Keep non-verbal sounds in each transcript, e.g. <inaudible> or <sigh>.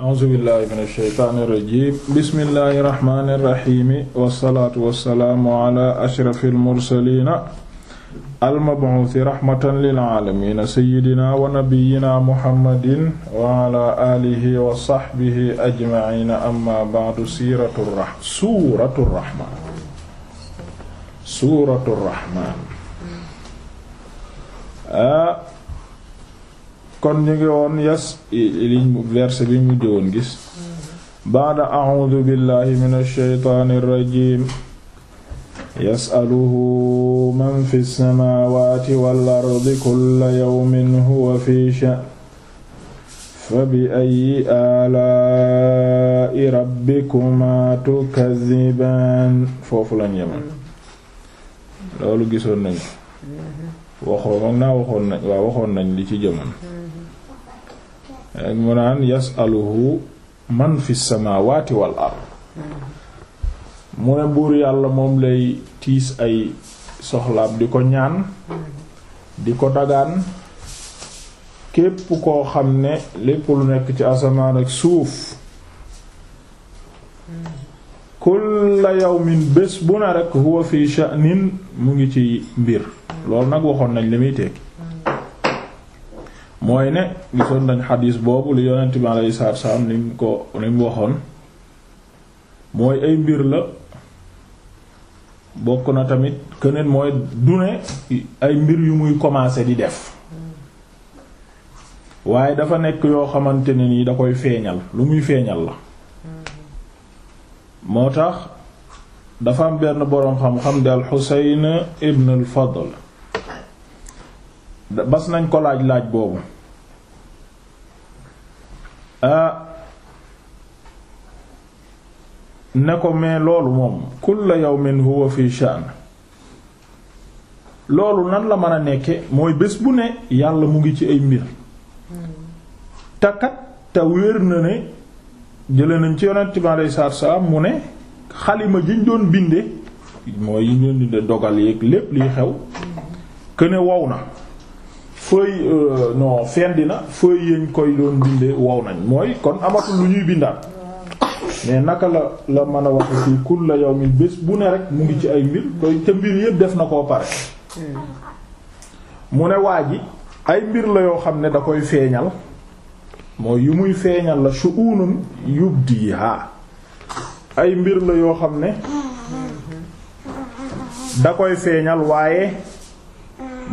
ahousubillah min alsheytaan irrajim bismillahi irrahmani irrahimi wassalaatu wassalaamu ala ashrafi almursalina almabuusi rahmatan lilalamina seyidina wa nabiyina muhammadin wa ala alihi wa saxbihi ajmaina amma baadu siratu ra suratu rahman suratu rahman kon ñu ngi woon yas liñ verset bi mu jëwoon gis baada a'uudu billahi minash shaytaanir rajiim yas'aluhu man fi samaawaati wal ardi kulla yawmin huwa fi sha'n fabi ayyi aalaa'i rabbikumaa tukazzibaan foofu lañ yemoon loolu gisoon nañu mm-hmm. waxoon naa waxoon nañ waaw waxoon nañ li ci jëmoon mm-hmm. ak mu naan yasaluhu man fi samawati wal ard mu ne buur yàlla moom lay tiis ay soxlaam di ko ñaan di ko dagaan képp koo xam ne lépp lu nekk ci asamaan ak suuf kulla yawmin bés bu na rek huwa fi sha'nin mu ngi ci mbir loolu nag waxoon nañ li muy tekki mooy ne gisoon nañ xadiis boobu li yonent bi alayhi salaatu salaam ni mu ko ni mu waxoon mooy ay mbir la bokk na tamit keneen mooy du ne ay mbir yu muy commencer di def waaye dafa nekk yoo xamante ne nii da koy feeñal lu muy feeñal la moo tax dafa am benn boroom xam-xam di al Xuseyn ibn bas nañ ko laaj laaj boobu ne ko mais loolu moom kulla yawmin huwa fi sha'n loolu nan la mën a nekke mooy bés bu ne yàlla mu ngi ci ay mbir hmm. takat te wér na ne jële nañ ci yonent bi alayhi sa salaam mu ne xalima ji doon binde mooy yi ñu doon dogal yeeg lépp liy xew këne hmm. wow na feuille euh, non fendi na feuille yañ koy doon bindee wow nañ mooy kon amatul lu ñuy bindaat mais naka la la mën a wax ci kul la yow mi bés bu ne rek mu ngi ci ay mbir koy te mbir yëpp def na koo pare mu ne waa ji ay mbir la yoo xam ne da koy feeñal mooy yu muy feeñal la shu'unun yubdiha ay mbir la yoo xam ne da koy feeñal waaye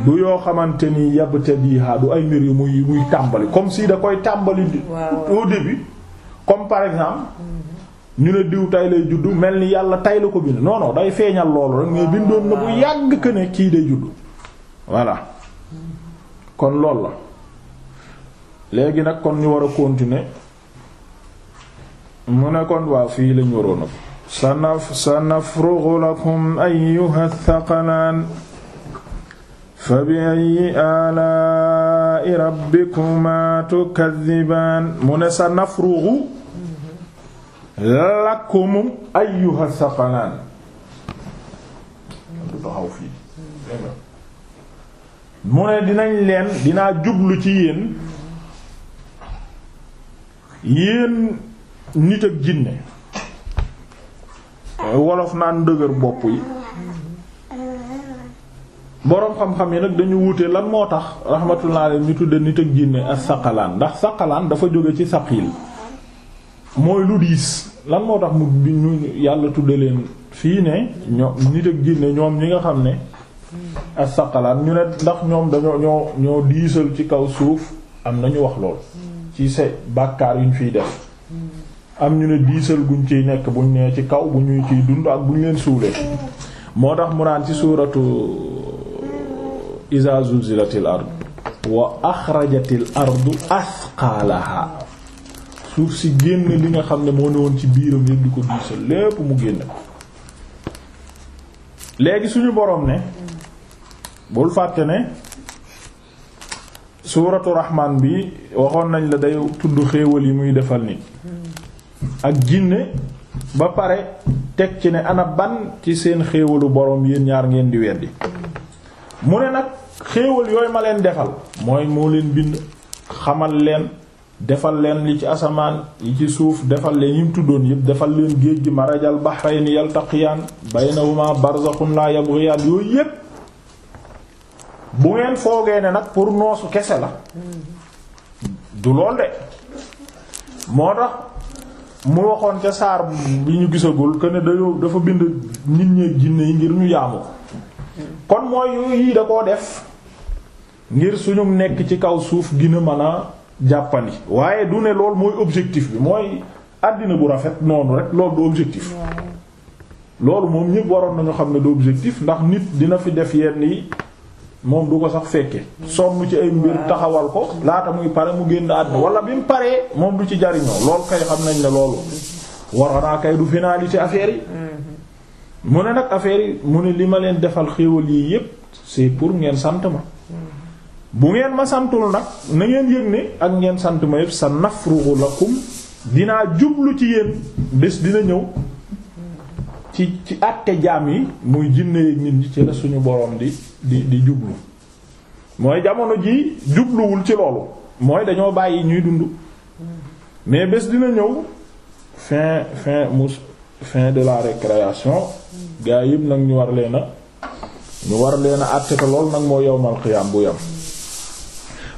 du yoo xamante ni yabtadiha du ay mbir yu muy muy tàmbali comme si da koy tàmbali. au début. comme par exemple. Mm-hmm. ñu ne diw tay lay juddu mel ni yàlla tay la ko bi non non day feeñal loolu rek mais bindoon na bu yàgg que ne kii day juddu voilà. Mm-hmm. kon loolu la léegi nag kon ñu war a continuer mu ne kon waa fii lañ waroon a. sanaf sanafrughu lakum ayyuha thaqalan fa bi ayyi alaa'i rabbikumaa mu ne sa nafruxu lakum ayyuha safalaan du taxaw fii mu ne dinañ leen dinaa jublu ci yéen yéen nit ak jinne wolof naan dëgër bopp yi boroom xam-xam yi nag dañu wuute lan moo tax rahmatullah alayhi ñu tudde nit ak jinne ak saqalaan ndax saqalaan dafa jóge ci saqiil mooy lu diis lan moo tax mu ñu yàlla tudde leen fii ne ñoom nit ñoom ñi nga xam ne saqalaan ñu ne ndax ñoom dañoo ñoo ñoo diisal ci kaw suuf am nañu wax lool ci sa bàkkaar fiy def am ñu ne diisal guñ ciy nekk buñ nee ci kaw bu ñuy ciy dund ak buñ leen suulee moo tax mu naan ci suuratu iza zulzilatil ardu wa axrajatil ardu asqaalaha suuf si génn li nga xam ne moo ne woon ci biiram yëpp di ko diisal lépp mu génn ko léegi suñu boroom ne bul fàtte ne suuratu raxmaan bi waxoon nañ la day tudd xéewal yi muy defal nit ak jinne ba pare teg ci ne ana ban ci seen xéewalu boroom yéen ñaar ngeen di weddi mu ne nag xéewal yooyu ma leen defal mooy moo leen bind xamal leen defal leen li ci asamaan yi ci suuf defal leen yi mu tuddoon yëpp defal leen géej gi marajal bahrayni yaltaqiyaan baynahuma barzakhun la yabghiyaan yooyu yëpp bu ngeen foogee ne nag pour noosu kese la du lool de moo tax mu waxoon ca saar bi ñu gisagul que ne dafa bind nit ñeek jinne yi ngir ñu yaamoo kon mooy yii da koo def ngir suñu nekk ci kaw suuf gina mën a jàppandi waaye du ne lool mooy objectif bi mooy àddina bu rafet noonu rek loolu du objectif loolu moom ñépp waroon nañu xam ne du objectif ndax nit dina fi def yenn yi moom du ko sax fekke sonn ci ay mbir taxawal ko laata muy pare mu génn àddina wala bi mu paree moom du ci jariñoo lool kay xam nañ ne loolu mm-hmm. waroonaa kay du finalité affaire yi mm-hmm. mu ne nag affaire mu ne li ma leen defal xéewal yii yépp c'est pour ngeen sant ma bu ngeen ma santul nag na ngeen yëg ne ak ngeen sant ma yépp sa nafruxu lakum dinaa jublu ci yéen bés dina ñëw ci ci àtte jaam yi muy jinne yëg nit ñi ci la suñu boroom di di di jublu mooy jamono ji jubluwul ci loolu mooy dañoo bàyyi ñuy dund mais bés dina ñëw fin fin mus fin de la récréation gaa yëpp nag ñu war leen a ñu war leen a àtte lool nag moo yowmal qiyaam bu yam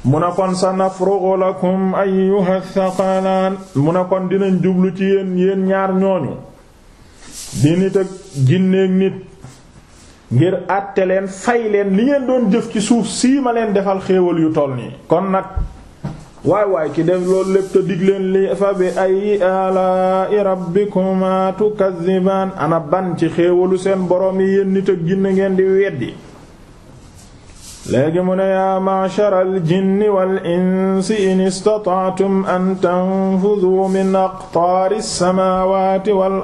mu ne kon sa nafrugu lakum ayyuha thaqalaan mu ne kon dinañ jublu ci yéen yéen ñaar ñooñu di nit ak jinneeg nit ngir àtte leen fay leen li ngeen doon jëf ci suuf sii ma leen defal xéewal yu toll nii kon nag waay waay ki def loolu lépp te dig leen li fa bi ay alaa'i rabbikuma tukazzibaan ana ban ci xéewalu seen borom yi yéen nit ak ngeen di weddi léegi mu ne yaa ma'shar al jinni wal insi in istata'tum an tanfudhu min aqtaari as-samaawaati wal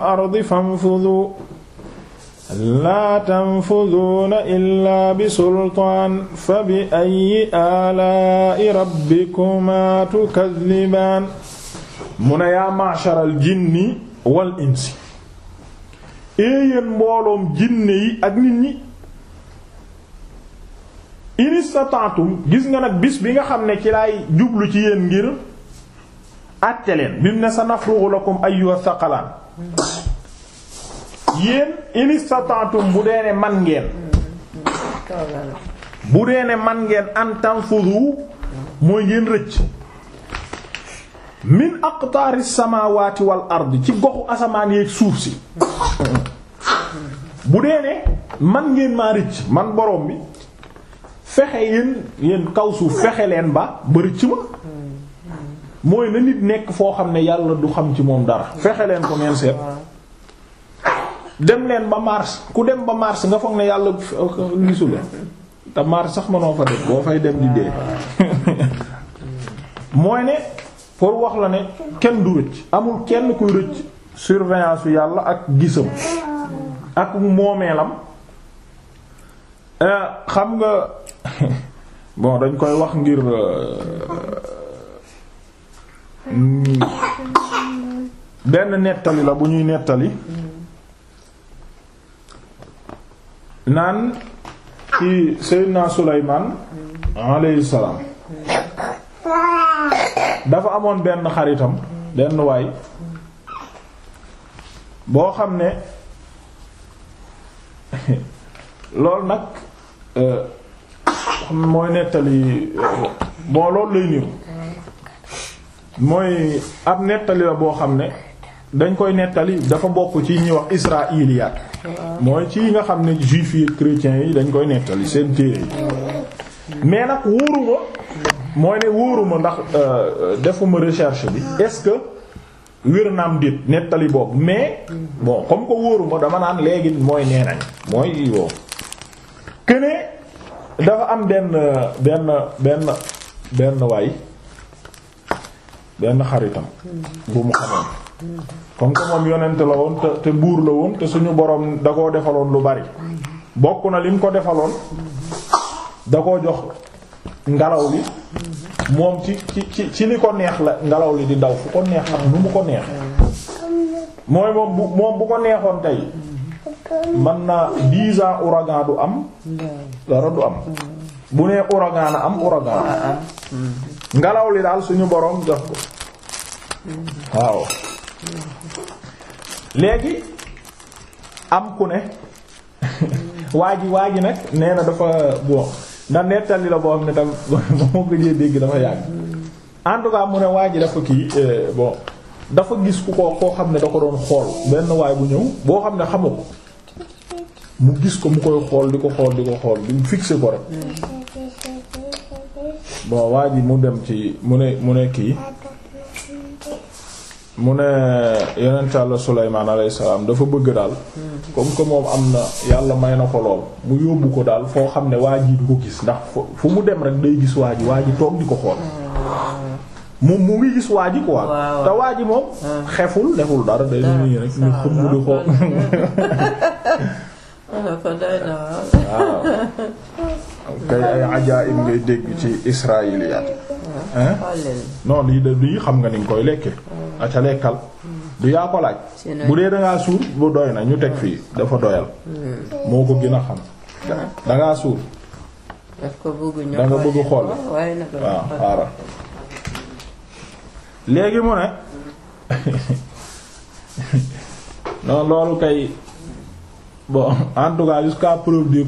laa tanfuduuna illaa bi sultaan fa bi ayyi aalaa'i rabbikumaa tukadibaan mu ne yaa ma'sharal jinni wal insi éeyéen mbooloom jinne ak nit ñi inistataatum gis nga nag bis bi nga xam ne ci laay jublu ci yéen ngir àtte leen bi mu ne sa nafruxu lakum ayyuha thaqalaan yéen inistata'tum bu dee ne man ngeen bu dee ne man ngeen an tanfudu mooy ngeen rëcc min aqtaari samawati wal ard ci goxu asamaan yeeg suuf si bu dee ne man ngeen maa rëcc man borom bi fexe yéen yéen kaw suuf fexe leen ba ba rëcc ma mooy na nit nekk foo xam ne yàlla du xam ci moom dara fexe leen ko ngeen seet dem leen ba mars ku dem ba mars nga foog na yàlla gisu la te mars sax mënoo fa def boo fay dem di dee <laughs> mooy ne pour wax la ne kenn du rëcc amul kenn kuy rëcc surveillance yàlla ak gisam ak moomeelam euh, xam nga <laughs> bon dañ koy wax ngir euh, benn nettali la bu ñuy nettali naan ci Seydina Sulaymaan alayhi salaam dafa amoon benn xaritam benn waay boo xam ne <laughs> loolu nag euh, mooy nettali euh, bon loolu lay niru mooy ab nettali la boo xam ne dañ koy nettali dafa bokk ci ñuy wax israiliyaat mooy ci nga xam ne juifs yi chrétiens yi dañ koy nettali seen téere yi mais nag wóoruma mooy ne wóoruma ndax euh, euh, defuma recherche bi est-ce que wér naam dit nettali boobu mais bon comme que wóoruma dama naan léegi mooy nee nañ mooy wow kene dafa am benn benn benn benn benn xaritam bu mu xamoon comme que moom yonent la woon te te buur la woon te suñu borom da koo defaloon lu bari bokk na lim ko defaloon da koo jox ngelaw li moom ci ci ci li ko neex la ngelaw li di daw fu ko neex ak nu mu ko neex mooy moom bu moom bu ko neexoon tey mën naa dix ans ouragan du am dara du am bu nee ouragan am ouragan ngelaw li daal suñu boroom jox ko waaw léegi am ku ne <laughs> waa ji waa ji nag nee na dafa bon ndax nettali la boo xam ne tam moo <laughs> gëjee dégg dafa yàgg en tout cas mu ne waa ji dafa kii euh, bon dafa gis ku ko koo xam ne da ko doon xool benn waay bu ñëw boo xam ne xamu ko mu gis ko mu koy xool di ko xool di ko xool di mu fixé ko rek bon waa ji mu dem ci mu ne mu ne kii mu ne yonent Yàlla Suleymaan alayhi salaam dafa bëgg daal comme que moom am na yàlla may na ko lool mu yóbbu ko daal foo xam ne waa ji du ko gis ndax fu mu dem rek day gis waa ji waa ji toog di ko xool moom mu ngi gis waa ji quoi te waa moom ah. xeful deful dara day ah, nii rek ni xumb di xool <laughs> ah, kay ay ajaayib ngay dégg ci israiliyaat hein non lii de lii xam nga ni nga koy lekke aca lekkal du yaa laaj bu dee dangaa suur bu doy na ñu teg fii dafa doyal hmm. moo ko gën a xam dangaa suur danga bëgg xool oh, waaw xaaral léegi mu ne <laughs> non loolu kay bon en tout cas jusqu'à preuve du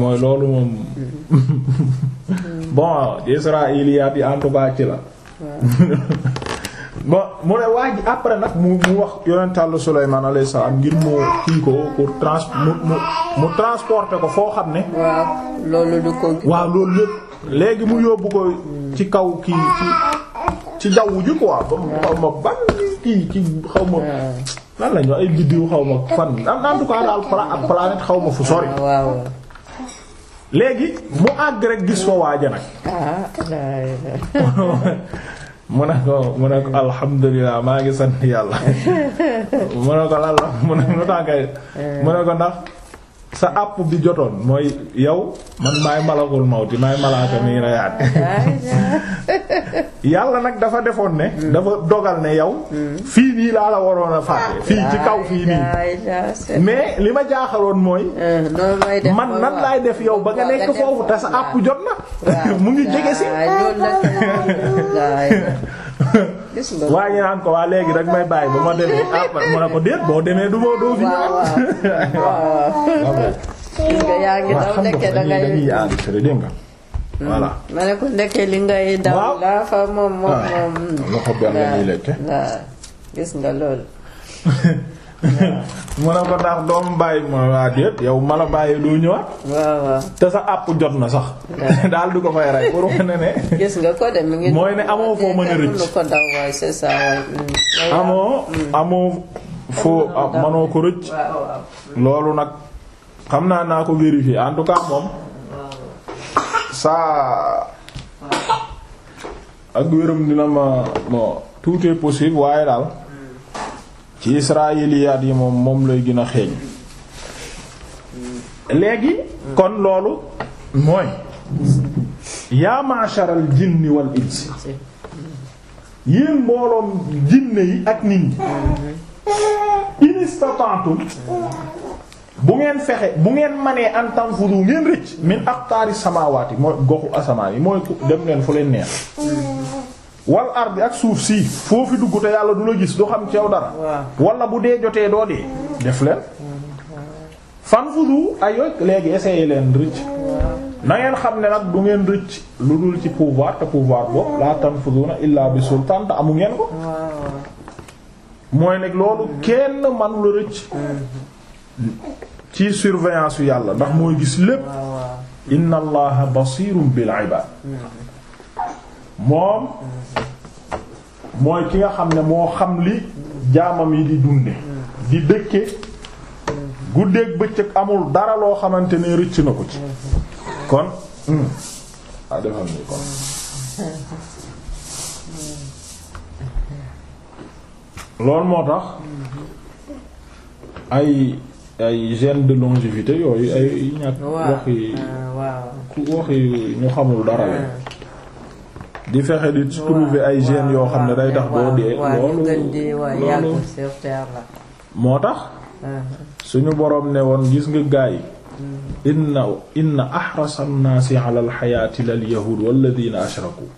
mooy loolu moom hmm. <laughs> bon israiliyaat yi en tout ci la hmm. <laughs> bon mu ne waa après nag mu mu wax yonent Yàlla Sulaymaan alayhi salaam ngir mu kii ko pour trans mu mu mu transporter ko foo xam ne. waaw loolu du ko. waaw loolu lépp léegi mu yóbbu ko ci kaw kii ci ci jaww ji quoi. xaw ma ban kii ci xaw ma. Hmm. lan la ñu ay biddiw xaw ma fan. en tout cas daal ak planète xaw ma fu sori. Ah, waaw. léegi mu àgg rek gis fa waaja nag. Ah, <laughs> mu ne ko mu ne ko alhamdulilah maa ngi sant yàlla <laughs> mu ne ko lan la mu ne ko eh. ndax sa àpp bi jotoon mooy yow man maay malakul mawti maay malaaka mi rayaat <laughs> yàlla nag dafa defoon ne hmm. dafa dogal ne yow hmm. fii nii laa la waroon a fàtte fii ci kaw ah, fii nii mais li ma jaaxaloon mooy eh, man nan laay def yow ba nga nekk foofu te sa àpp jot na <laughs> mu ngi jege si <laughs> waa ñu naan ko waa léegi rek may bàyyi bu ma demee après ah, mu ne ko déet boo demee du boo doo fi ñëwaat nga hmm. voilà ma ne ko ndekkee li ngay daw la fa moom moom ah, moom loxo benn lañuy lekk gis nga loolu <laughs> mu ne ko ndax doomu bàyyi ma waa déet yow ma la bàyyi doo ñëwaat. te sa àpp jot na sax. <laughs> daal du ko fay rey pour ne ne. mooy ne amoo foo a rëcc. c'est manoo mm. mm. ah, ko rëcc. loolu nag xam naa naa ko vérifier en tout cas moom. saa ak wéram dina ma bon tout possible waaye daal. ci israiliyaat yi moom moom lay gën a xeeñ léegi kon loolu mooy yaa ma'sharal jinni wal insi yéen mbooloom jinne yi ak nit ñi in bu ngeen fexe bu ngeen manee an tanfudu ngeen rëcc min aqtaari samaawaati mooy goxu asamaan yi mooy dem leen fu leen neex wal ardi ak suuf si foofu fi dugg te yàlla du la gis du xam ci yow dara. wala bu dee jotee doo dee. def leen. fan ay léegi essayé leen rëcc. na ngeen xam ne nag du ngeen rëcc lu dul ci pouvoir te pouvoir boobu laa tanfuduna illa bi sultaan te amu ngeen ko. mooy nag loolu kenn manu la rëcc. ci surveillance yàlla ndax mooy gis lépp. inna allaha basirun bil ibad hmm. moom mooy ki nga xam ne moo xam li jaamam yi di dunde di dëkke guddeeg bëccëg amul dara loo xamante ne rëcc na ko ci kon hmm. ah moo tax ay ay gène de longévité yooyu ay ñàkk waxi ah, ku waxi ñu xamul dara la ah. di fexe di trouver ay gènes yoo xam ne day tax doo dee loolu moo tax uh-huh. suñu boroom ne woon gis nga gaay mm-hmm. inna inna ahrasa an-naasi ala al-hayaati lal-yahuud walladiina ashraku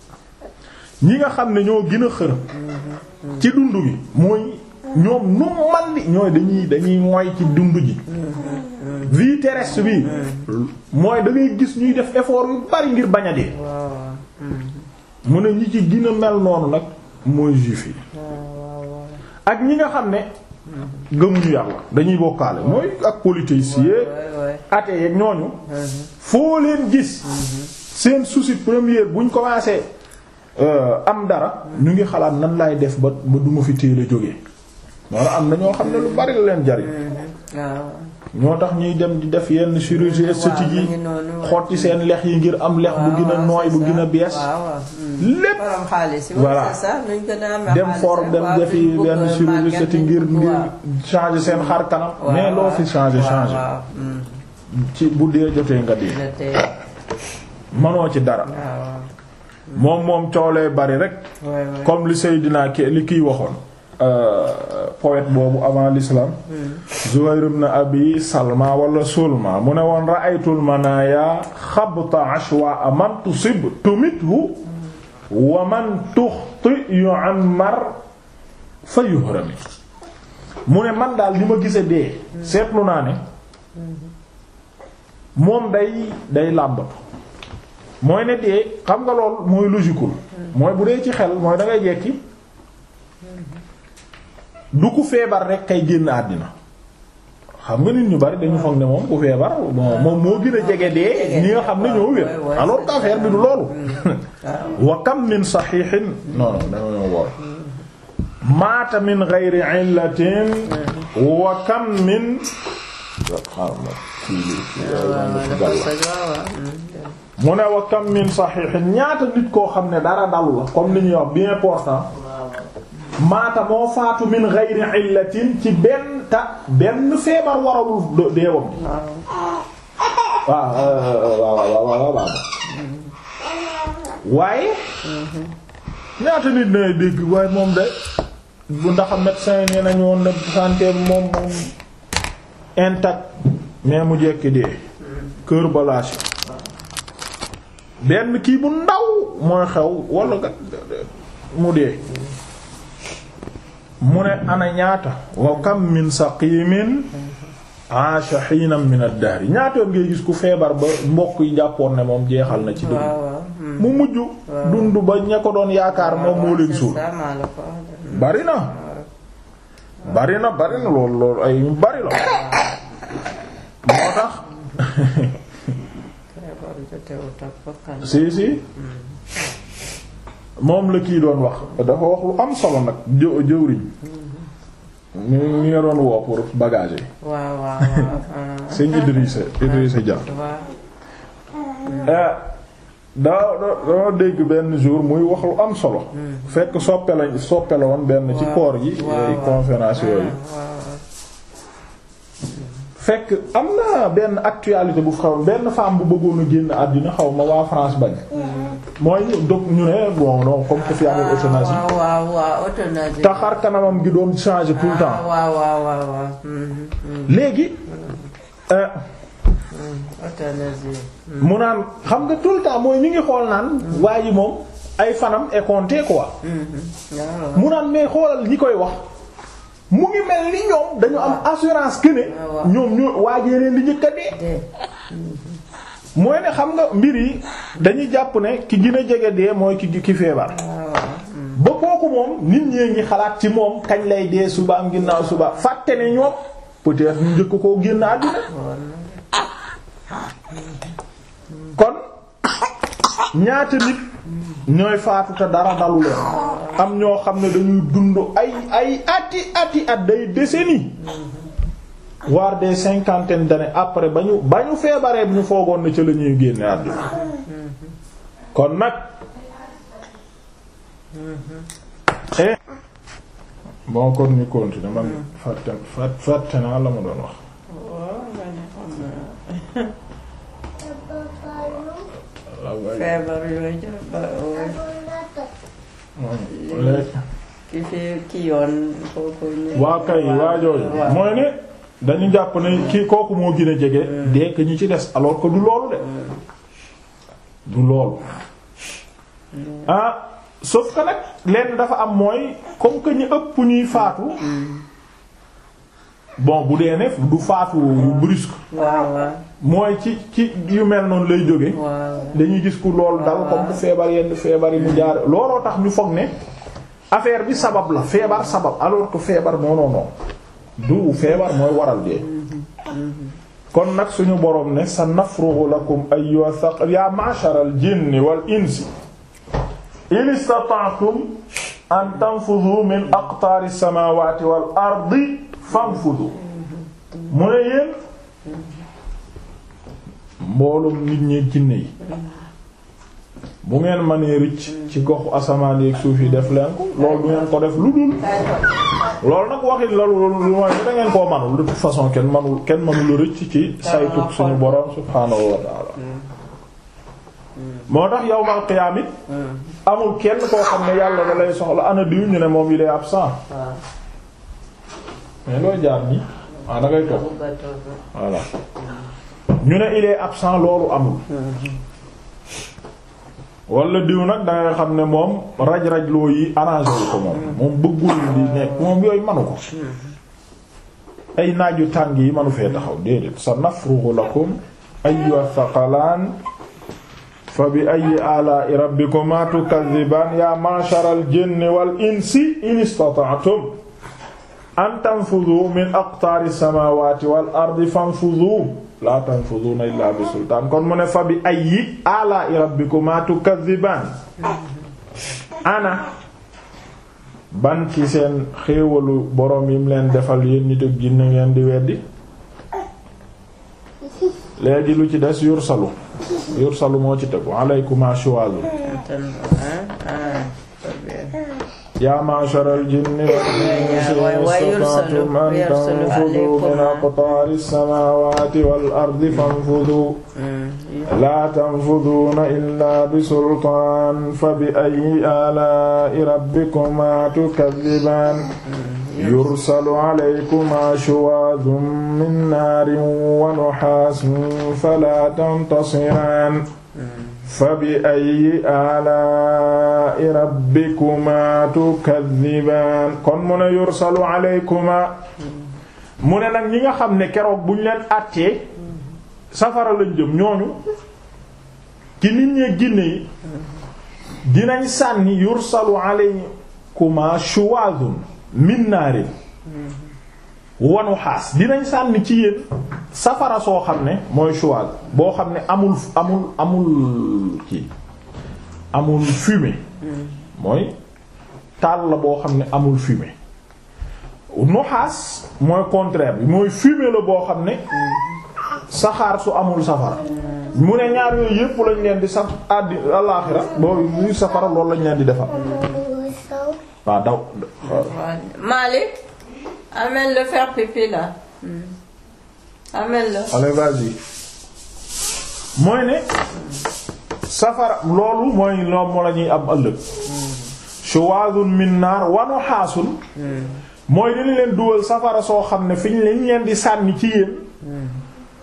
ñi nga xam ne ñoo gën a xër mm-hmm. ci dund bi mooy ñoom nu man di ñooy dañuy moy ci dund ji mm-hmm. vie terrestre bi mooy da gis ñuy def effort yu bari ngir bañ a mu ne ñi ci gën mel noonu nag mooy juif yi ak ñi nga xam ne gëmuñu yàlla dañuy bokkaale mooy ak polythéistes athées yeeg ñooñu foo leen gis seen souci premier buñ commencé euh, am dara ñu ngi xalaat nan laay def ba ba duma fi téel a jógee wala am na xam ne lu bari la leen jariñ mm-hmm. ñoo tax ñuy dem di def yenn chirurgie ah, esthétique yi xotti seen lex yi ngir am lex bu gën nooy bu gën a bees hmm. lépp voilà dem for dem defi benn chirurgie esthétique ngir ngir changer seen xar kanam hmm. mais loo fi changer changer hmm. ci bu dee jotee nga dee mënoo ci dara moom moom coolee bari rek comme li Seydina ki li kiy waxoon Euh, poète boobu avant l'islam hmm. Zuhayr ibn Abi Salma wala Sulma mu ne woon ra'aytul manaaya xabta ashwa man tusib tumithu wa man tuxti yu'ammar fa yuhrami mu ne man daal li ma gise dee seetlu naa ne moom day day làmbatu mooy ne dee xam nga lool mooy logique hmm. mooy bu dee ci xel mooy da jekki du ku feebar rek kay génn àddina xam nga nit ñu bari dañu foog ne moom ku feebar moom moo gën a jege dee ñi xam ne ñoo wér alors que affaire bi du loolu <laughs> wa kam maata min geyri illatin wa kam min mu ne wa kam min saxiixin ñaata nit koo xam ne dara dalu la comme li ñuy wax important maata moo faatu min ghayri illatin ci benn ta benn feebar waralul deewam waaw waaye ñaata nit nay dégg waaye moom de bu ndax médecin nee nañu woon ne santé moom moom intact mais mu jekki dee cœur ballage benn kii bu ndaw mooy xew wala mu dee mu ne ana ñaata wa kam min saqimin aasha hiinan min ad-dahr ñaatoon ngay gis ku feebar ba mbokk yi jàppoon ne moom jeexal na ci dund hmm. mu mujj dund ba ña ko doon yaakaar moom moo leen suul bari na bari na bari na lool ay bari la moo tax si hmm. moom la kii doon wax dafa wax lu am solo nag jëw jëwriñ ñu ñu nga doon woo pour bagage yi waaw waaw <laughs> sëñ Idrissa Idrissa Dia eh, daa dama dégg benn jour muy wax lu am solo hmm. fekk soppe lañ soppe la woon benn ci koor yi conférence yooyu fekk am na benn actualité bu xaw benn femme bu bëggoon a génn àddina xaw ma waa France bañ. Mhm. mooy donc ñu ne bon non comme que fi amul euthanasie. waaw waaw kanamam gi doon changer tout le temps. Ah, waaw mhm, mhm. léegi. Euh, mu naan xam nga tout temps mooy mi ngi xool naan. waa ji moom ay fanam est compté quoi. mu naan mais xoolal ñi koy wax. mu ngi mel ni ñoom dañu am assurance que ne ñoom ñoo waajee leen li njëkk a dee mm-hmm. mooy ne xam nga mbir yi dañuy jàpp ne ki gën a jege dee mooy ki ki feebar mm-hmm. ba kooku moom nit ñee ngi xalaat ci moom kañ lay dee suba am ginnaaw suba fàtte ne ñoom peut ñu njëkk koo génn àdduna ah. ñaata nit ñooy faatu te dara dalu am ñoo xam ne dañuy dund ay ay ati ati at day décennie voire des cinquantaines d'années après ba ñu ba ñu feebaree ñu foogoon na ci la ñuy génne àdduna kon nag eh, bon kon ñu continuer man fàtte fàtte naa la ma doon wax oh, feebar yooyu dafa ki yoon kooku waa kay waa jooju mooy ne dañu jàpp ne kii kooku moo gën a jege dee que ñu ci des alors ko du loolu de hmm. du loolu hmm. ah sauf que nag lenn dafa am mooy comme que ñu ëpp ñuy faatu hmm. bon bu dee ne du faatu brusque mooy ci ci yu mel noonu lay jóge dañuy gis ku loolu dal comme feebar yenn feebar yi mu jaar looloo tax ñu foog ne affaire bi sabab la feebar sabab alors ko feebar non non du feebar mooy waral dee kon nag suñu boroom ne sa nafruhu lakum ayyuha thaqal ya ma'shar al jinni wal insi in istata'tum an tanfudhu min aqtari samawati wal ardi fanfudhu mu ne mboolum nit ñi jinne yi bu ngeen mënee rëcc ci goxu asamaan yeeg suuf yi def leen ko loolu du ngeen ko def lu dul loolu nag waxit la loolu mooy da ngeen koo manul de toute façon kenn manul kenn manul rëcc ci saytu suñu borom subhaanahu wa taala moo tax yawmal qiyaam it amul kenn koo xam ne yàlla da lay soxla ana diw ñu ne moom yi day absent mais looy jaar nii ah da toog voilà ñu ne il absent loolu amul wala diw nag xam ne moom raj-raj loo yi arrangé wu ko moom moom bëggul di nekk moom yooyu manu ko ay naaju tàng yi manu fee taxaw déedéet sa nafruhu lakum ayyuha thaqalaan fa bi ayyi alaa'i rabbikuma tukazzibaan yaa ma'sharal jinni wal insi in istata'tum an tanfudhu min aqtaari samaawaati wal ardi fanfudhu la tanfuduna illa bi sultaan kon mu ne fa bi ayyi ala rabbikuma tukazziban ana ban ci seen xéewalu borom mu leen defal yéen nit ak jinne ngeen di weddi léegi lu ci des yursalu yursalu moo ci tegu alaykuma shuwazun yaa ma'shar al-jinni wal-insi istata'tum an tanfudhu min aqtaari as-samaawaati wal-ardi fanfudhu laa tanfudhuuna illaa bisultaan fabi'ayyi aalaa'i rabbikumaa tukazzibaan yursalu alaykumaa shuwaadhun min naarin wa nuhaasun falaa tantasiraan mm. bi ay alaa'i rabbikumaa tukazzibaan kon mu ne yursalu aleykumaa mu ne nag ñi nga xam ne keroog bu ñu leen àttee safara lañ jëm ñooñu ci nit ñee ginne dinañ sànni yursalu aleykumaa shuwaazun min wanu xaas dinañ sànni ci yéen safara soo xam ne mooy shuwaal boo xam ne amul amul amul kii amul fumée mm. mooy taal la boo xam ne amul fumée nuxaas mooy contraire bi mooy fumée la boo xam ne mm. saxaar su amul safara mm. mu ne ñaar yooyu yépp lañ leen di saf àddi alaaxira boobu muy safara loolu lañ leen di defar waaw daw Malik Amène-le faire pipi là. Hmm. Amène-le. Allez, vas-y. mooy ne safara loolu mooy loolu moo la ñuy am ëllëg. Hmm. shuwaazun min naar wa nuhaasun hmm. mooy dañu leen dugal safara soo xam ne fi ñu leen di sànni ci yéen.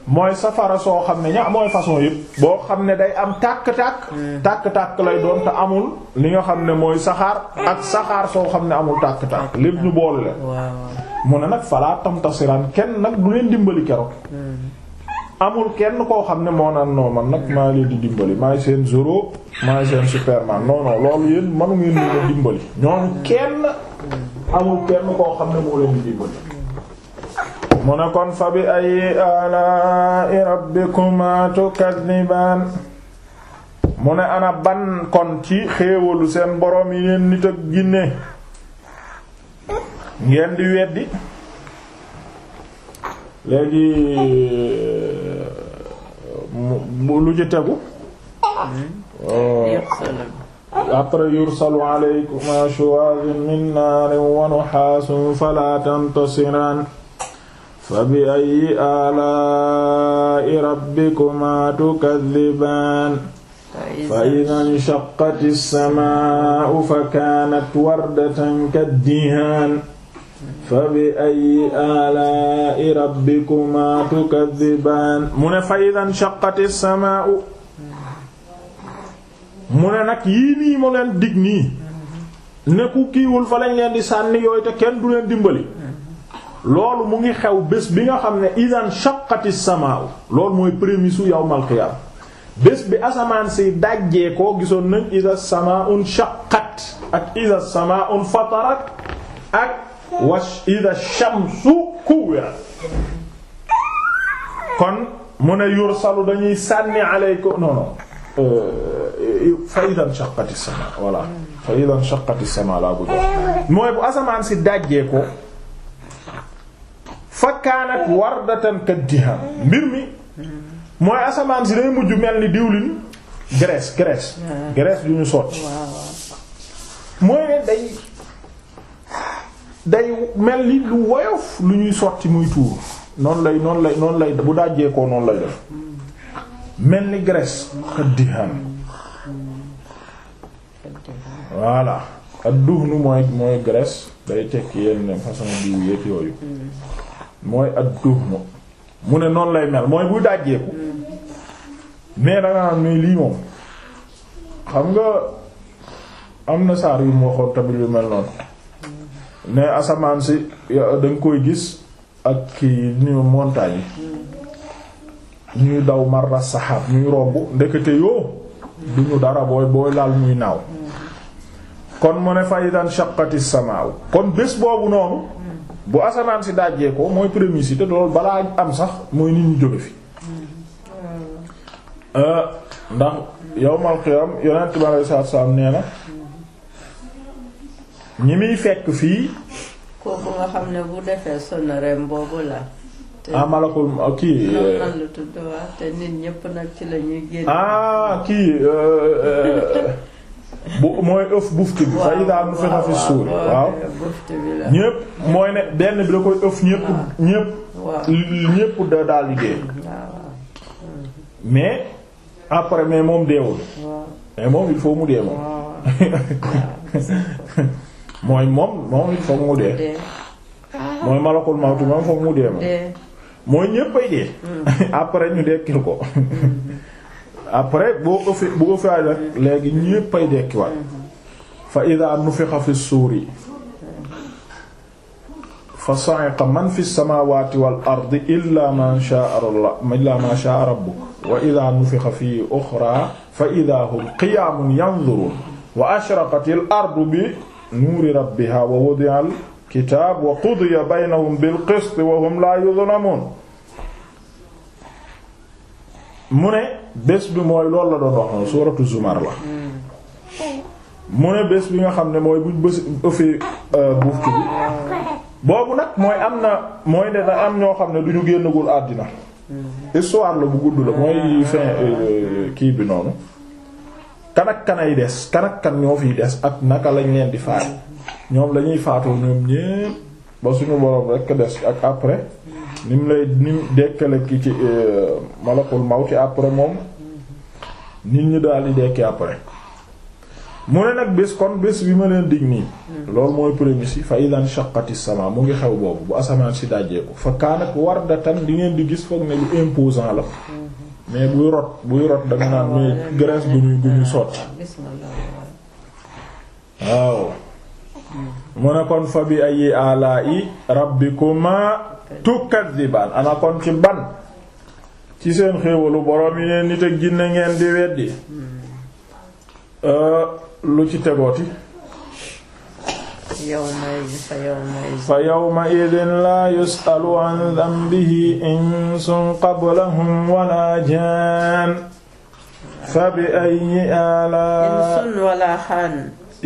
mooy safara soo xam ne ña mooy façon yëpp boo xam ne day am tàkk-tàkk tàkk-tàkk lay doon te amul li nga xam ne mooy saxaar ak saxaar soo xam ne amul tàkk-tàkk lépp ñu boole leen mu ne nag falaa tamtasiraan kenn nag du leen dimbali keroog mm-hmm. amul kenn koo xam ne moo naan non man nag maa leen di dimbali maay seen zoro maay seen superman non loolu yéen manu ngeen leen dimbali ñooñu mm-hmm. kenn mm-hmm. amul kenn koo xam ne moo leen di dimbali mu ne kon fa bi ay alai rabbikuma tukaddiban mu ne ana ban kon ci xéewalu seen borom yi yéen nit ak ginne ngeen di weddi léegi euh, mu lu ci tegu euh, après yursalu alaykumaa shuwaazun min naarin wa nuhaasun falaa tantasiraan fa bi ayyi aalaa'i rabbikumaa tukazzibaan fa idaa nshaqqati samaa'u fa kaanat wardatan kaddihaan fa bi ay alaa'i rabbikumaa tukadibaan mu ne fa idaa nshaqati samaa'u mu ne nag yii nii mu leen dig nii ne kiiwul fa lañ leen di sànni yooyu te kenn du leen dimbali loolu mu ngi xew bés bi nga xam ne idaa nshaqati samaa'u loolu mooy prémisse u yawmal qiyaama bés bi asamaan si dajjee ko gisoon nañ idaa samaa'u nshaqqat ak idaa samaa'u fatarat ak wa idha shamsu kuwirat kon mu ne yursalu dañuy sànni aleykum non non euh, fa idha shaqqati as-samaa fa idha shaqqati as-samaa laa bëgg mooy bu asamaan si dajjee ko fa kaanat wardatan ka dihan mbir mi mooy asamaan si day mujj mel ni diwlin graisse graisse graisse du ñu sotti mooy ne day day mel ni lu woyof lu ñuy sotti muy tuur noonu lay noonu lay noonu lay bu dajjee noonu la def mel ni graisse xaddihan voilà ak duhnu mooy mooy graisse day tekk yenn façon diw yéeg yooyu mooy ak duhnu mu ne noonu lay mel mooy buy dajjeeku mais danga am ne lii moom xam nga am na saar yu mu waxoon tamit lu mel noonu ne asamaan si danga koy gis ak kii ñu montagne yi ñuy daw marra saxaab ñuy romb ndekete yoo duñu dara booy booy laal ñuy naaw kon mu ne faydan shaqqati samaaw kon bés boobu noonu bu asamaan si dajjee ko mooy prémisse te loolu balaa am sax mooy nit ñu jóge fi euh, ndax yawmal qiyam yonent bi sallallahu alayhi wasallam nee na ñi muy fekk fii. kooku nga xam ne bu defee sonorem boobu la. ah malakul ah, kii. Eh, ci la ah, kii. Eh, eh, bu mooy ëf buftu bi. fa idaa nufixa fi suur waaw ñépp mooy ne benn bi da koy ëf ñépp ñépp. ñépp da daal liggéey. mais après mais moom deewul. mais moom il faut mu dee moom. <laughs> mooy moom moom foog mu dee mooy malakul mawtu moom foog mu dee mooy ñéppay dee après ñu dekkil ko après bu ëffee ay rek léegi ñéppay dekkiwaat mm-hmm. fa idaa nufixa fi suuri fa sa'iqa man fi samaawaati wal ardi illaa man sha'a Allah wa idaa nufixa fi uxraa fa idaa hum qiyaamun yanzuruun wa ashraqatil ardu bi nuuri rabbiha wa wudi'a al-kitaab wa qudiya baynahum bil-qist wa hum laa yuzlamuun mu ne bés bi mooy loolu la doon wax noonu suuratu Zumar la mu ne bés bi nga xam ne mooy bu bés ëffee euh, buuf bi boobu nag mooy am na mooy ne da am ñoo xam ne du ñu génnagul àddina histoire la bu gudd la mooy fin euh, kii bi noonu kan ak kanay des kan ak kan ñoo fiy des ak naka lañ leen di faat ñoom lañuy faatoo ñoom ñépp ba suñu boroom rekk des ak après nim lay nim dekkale ki ci euh, malakul mawti après moom nit ñi daal di dekki après mu ne nag bés kon bés bi ma leen dig nii loolu mooy prémisse yi fa idan shaqqati sama mu ngi xew boobu bu asamaan si dajjeeku fa kaanat wardatan di ngeen di gis foog ne lu imposant la mais buy rot buy rot danga naan mais graisse gu ñuy gu ñuy sotti waaw mu ne kon fa bi ay alaa i rabbikuma tukaziban ana kon ci ban ci seen xéewalu boroom yi neen nit ak jinne ngeen di weddi hmm. euh, lu ci tegooti fa yawma idin laa yusalu an dambihi insun qablahum wala jaan fa bi ayyi ala insun wala xaan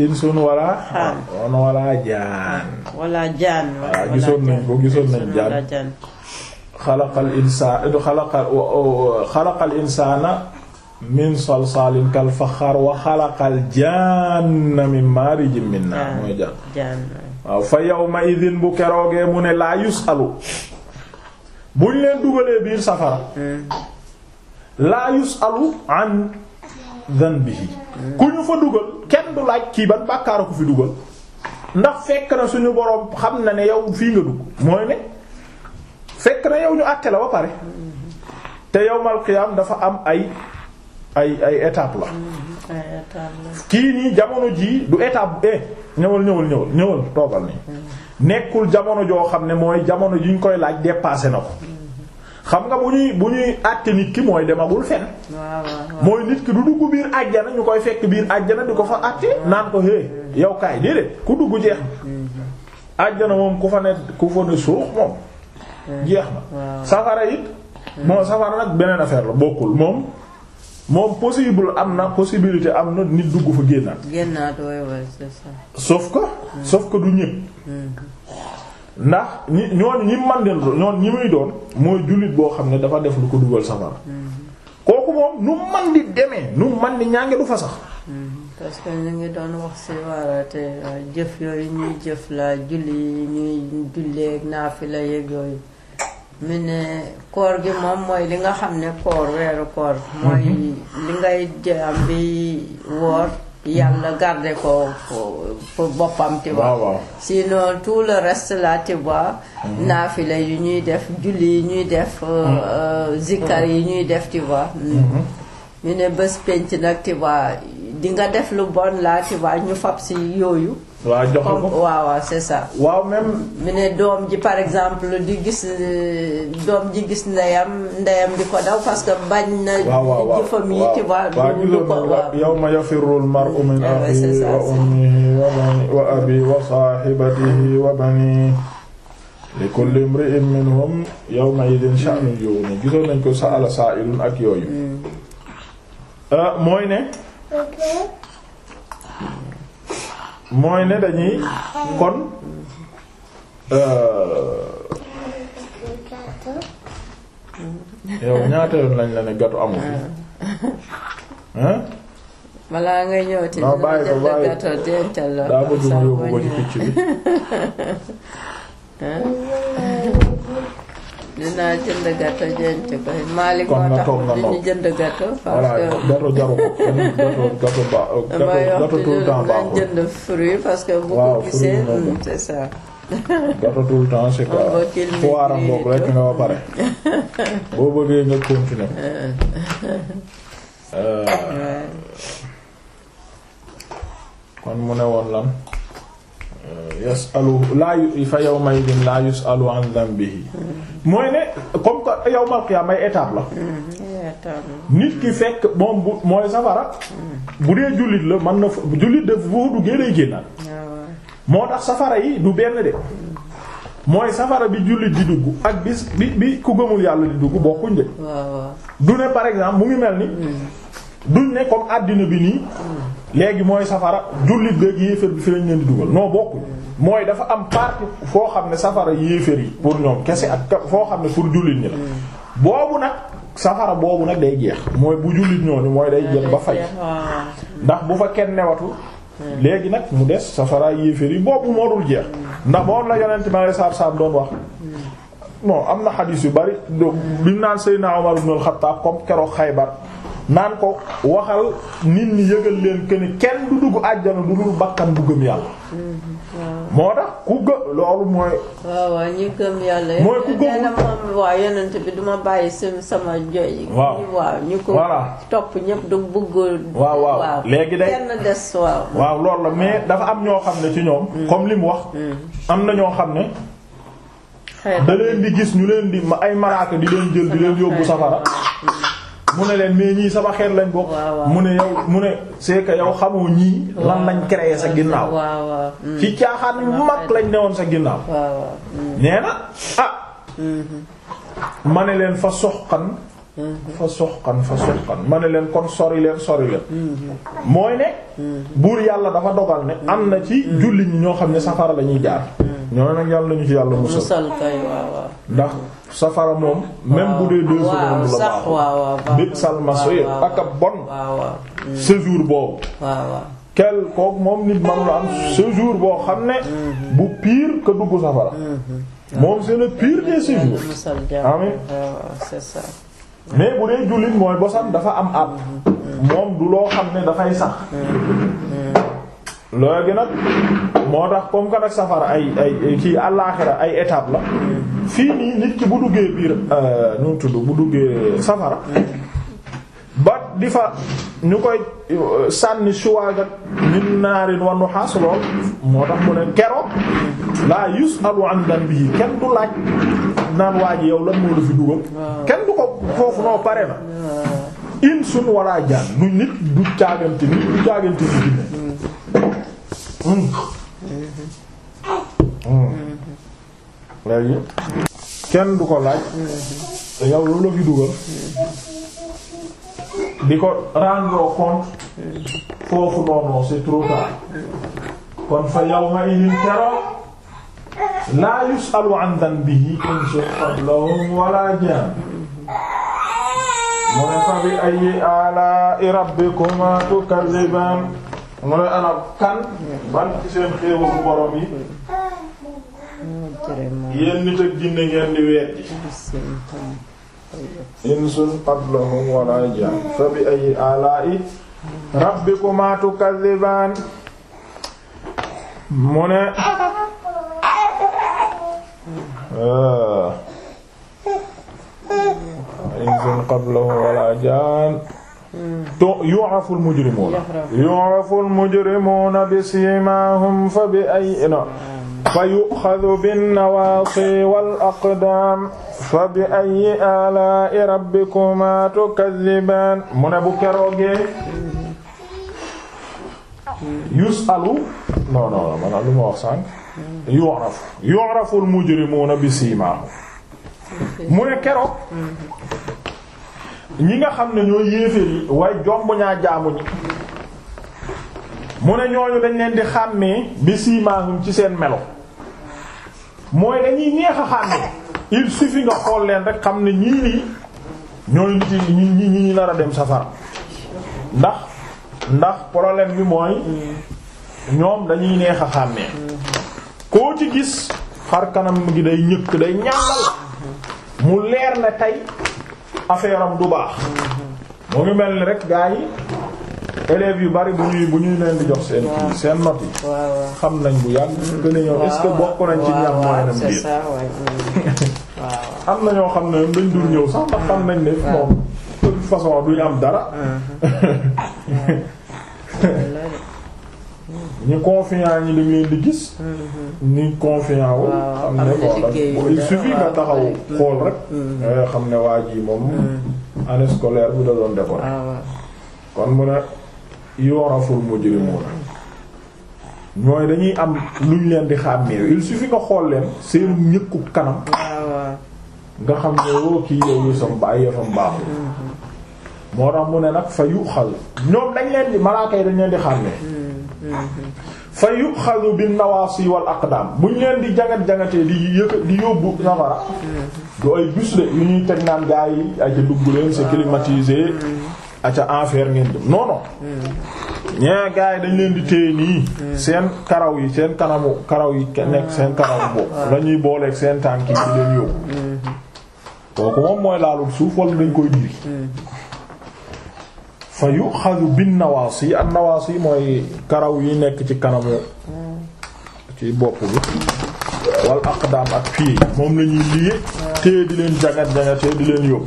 insun wala xaan wala jaan wala jaan wala gisoon nañ ko gisoon nañ jaan xalaqal insaana xalaqal insaana min salsaalin kal faxar wa xalaqal jaanna min maarijin min ah, mooy jaan waaw fa yawma idin bu keroogee mu ne laa yusalu buñ leen dugalee biir safara hmm. laa yusalu an dhanbihi hmm. ku ñu fa dugal kenn du laaj kii ban bàkkaara ku fi dugal ndax fekk na suñu boroom xam na ne yow fii nga dugg mooy ne fekk na yow ñu àtte la ba pare hmm. te yawmal qiyaam dafa am ay ay ay étape mm-hmm. la. kii nii jamono jii du étape eh ñëwal ñëwal ñëwal ñëwal toogal nii. Mm-hmm. nekkul jamono joo xam ne mooy jamono ji ñu koy laaj dépassé na ko. Mm-hmm. xam nga bu ñuy bu ñuy àtte nit ki mooy demagul fen mooy nit ki du dugg biir àjjana ñu koy fekk biir àjjana di ko fa àtte naan ko hé yow kaay déedéet ku dugg jeex na àjjana moom ku fa ne ku fa ne suux moom jeex na safara it moo safara nag beneen affaire la bokkul moom moom possible am na possibilité am na nit dugg fu génnaat. génnaat waay waay c'est ça. sauf que hmm. sauf que du ñëpp. Hmm. ndax ñi ñooñu ñi man leen ñoon ñi muy doon mooy jullit boo xam ne dafa def lu ko dugal safara. Hmm. kooku moom nu man di demee nu man di ñaange du fa sax. parce ñu ngi doon wax ci waaraate euh, jëf yooyu ñuy jëf la julli ñuy jullee naafila yeeg yooyu. mu ne koor gi moom mooy li nga xam ne koor weeru koor mooy mhm. li ngay jaam bi woor yàlla garde ko pour boppam tu vois sinon tout le reste là tu vois mhm. naafila yu ñuy def julli yi ñuy def mhm. euh, euh, zikkar yi ñuy def tu ñu mu ne bés penc nag tu vois nga def lu bon la tu ñu fab si yooyu waa jox ko waaw waaw mu ne doom ji par exemple di gis euh, doom ji gis ndeyam ndeyam di ko daw parce que bañ na. waaw yi tu vois. waaw yawma yafirru al-mar'u min eh, akhihi wa ummihi wa banihi wa abihi wa sahibatihi wa banihi li kulli imri'in minhum yawma idhin sha'nun yughnihi gisoon nañ ko sa'ala sa'ilun ak yooyu. Mm. Euh, mooy ne. mooy ne dañuy kon euh, yow ñaata yoon lañ la ne gâteau amul euh. hein balaa ngay ñëw ci daa bàyyi ko bàyyi daa bëgg mu yóbbu ko ci picc bi <laughs> dinaa jënd gâteau denc ko Malick moo tax ñu jënd gâteau parce que gâteau jaru ko gâteau ba <laughs> hmm, <laughs> gâteau tout le temps baaxul jënd fruit temps c'est quoi foiram boobu bëggee nga continuer <laughs> euh, kon mu ne woon lan yasalu laa fa yawma idin laa yusalu an dhanbihi mooy ne comme que yawmal qiyaama ay étape la nit ki fekk moom bu mooy safara bu dee jullit la man na fa jullit def boo duggee lay génnaat moo safara yi du benn de mooy safara bi jullit di dugg ak bis bi bi ku gëmul yàlla di dugg bokkuñ de du ne par exemple mu ngi mel ni hmm. duñ ne comme àddina bi nii léegi mooy safara jullit ga yéeféer bi fi lañ leen dugal non bokkuñ mooy dafa am partie foo xam ne safara yéeféer yi pour ñoom kese ak foo xam ne pour jullit ñi la nag safara boobu nag day jeex mooy bu jullit ñooñu mooy day jeex ba fay ndax bu fa kenn newatu léegi nag mu des safara yéeféer yi boobu moo dul jeex ndax moom la yonent ma saab saab doon wax bon am na xadiis yu bari bimu naan Seydina naa ibn al-Khattab comme keroog Xaybar naan ko waxal nit ñi yëgal leen que ni kenn du dugg àjjana du dul bakkan bu gëm yàlla. Mm-hmm. moo tax ku gë loolu mooy. waaw waaw ñi bàyyi sama jooy. waaw waaw ko. voilà topp ñëpp du bëgg. waaw waaw léegi day kenn des waaw. waaw loolu la mais dafa am ñoo xam ne ci ñoom. Mm. comme li mu wax. Mm. am na ñoo xam ne. da leen di gis ñu leen di ay malaaka di leen jël di leen yóbbu safara. mu ne leen mais ñii sama xeet lañ bokk. mu ne yow mu ne c'est que yow xamoo ñii. lan lañ créé sa ginnaaw. Mm. ci caaxaan yu mag lañ newoon sa ginnaaw. Mm. nee na ah. Mm-hmm. ma ne leen fa soxkan. Mm-hmm. fa soxkan fa soxkan ma ne leen kon sori leen sori leen. Mm-hmm. mooy ne. buur yàlla dafa dogal ne am na ci jullit ñi ñoo xam ne safara la ñuy jaar. ñoo nag yàlla ñu ci yàlla musal ndax safara moom même bu dee deux secondes la baax waaw bi salmasé ak a bon mm. séjour boobu kel kooku moom nit man la am mm. séjour boo xam ne mm-hmm. bu pire que dugg safara mm-hmm. moom c'est le pire des mm-hmm. séjours amin mm. mais bu dee jullit mooy bosam dafa am àpp moom du loo xam ne dafay sax looy gën a moo tax comme que nag safara ay ay kii àllaaxira ay étape la fii nii nit ki bu duggee biir euh, nu tudd bu duggee safara ba di fa ñu koy euh, sànni suwaagat min naarin wa nuhaas moo tax mu ne keroog laa yus'alu an dambihi kenn du laaj naan waa ji yow lan moo la fi dugal kenn du ko foofu noo pare na insun wala jaan nu nit du caagante nit du caagante nit dina hmm. Mm-hmm. léegi kenn du ko laaj mm-hmm. yow loolu la fi dugal mm-hmm. ko rendre compte foofu noonu c'est trop tard kon fa yawma idin keroog laa yusalu an danbihi insun qablahum wala jaan mu ne fa bi ayyi alaa'i rabbikumaa tukazzibaan mu ne anam kan ban ci seen xéewalu borom yi yéen nit ak jinne ngeen di weddi insun qablahum wala jaan fa bi ay alaa'i rabbikuma tukadhibaan mu ne ah. insun qablahum wala jaan to yu'raful mujrimuuna yu'raful mujrimuuna bisimaahum fa bi ay no fa yu'xadu binnawaasi wal aqdaam fa bi ay alaa'i rabbikumaa tukazzibaan mu ne bu keroogee yusalu non non man lu ma wax sànq yu'raf yu'raful mujrimuuna bisimaahum mu ne keroog ñi nga xam ne ñoo yéeféer yi way jomb ñaa jaamu ñi mu ne ñooñu dañ leen di xàmmee bi siimaahum ci seen melo mooy dañuy neex a xàmmee il suffit nga xool leen rek xam ne ñii nii ñooy nit ñi ñi nar a dem safara ndax ndax problème yi mooy ñoom dañuy neex a xàmmee koo ci gis xar kanam gi day ñëkk day ñàllal mu leer na tey affaire am du baax mu ngi mel ni rek gaa yi élèves yu bari bu ñuy bu ñuy leen di jox seen kii seen notes yi xam nañ bu yàgg gën a ñëw est-ce que bokk nañ ci ñam maanam <laughs> am na ñoo xam ne ñoom dañ dul ñëw sax ndax xam nañ ne moom de toute façon duñ am dara <laughs> ñu confiant ñi dañ leen di gis. ñi mhm. confiant wu. xam ne il suffit nga taxaw xool rek. Mhm. nga xam ne waa ji moom. Mhm. année scolaire bi da doon defoon. Ah, kon mu ne yoraful mujrimuna dañuy am luñ leen di xàmmee il suffit xool leen seen ñëkku kanam. Ah, xam oh, kii yooyu sam ba ay yëfam baaxul. moo tax mu nag ñoom dañ leen di malaaka dañ leen di xàmmee. fa yuxadu bin nawaasi wal aqdaam buñ leen di jangat jangatee di yëkk di yóbbu safara du ay bus de yu ñuy teg naan gaa yi aca dugg leen c'est climatisé aca enfer ngeen dem ñaa gaa yi dañ leen di téye nii seen karaw yi seen kanamu karaw yi nekk seen kanamu boobu la ñuy seen tànk yi leen yóbbu mm-hmm. kooku mooy laalul suuf wala dañ koy diri fa yuxadu bin nawaasi an nawaasi mooy karaw yi nekk ci kanamu ci bopp bi wal aqdaam ak fii moom lañuy lié te di leen jangat jangate di leen yóbbu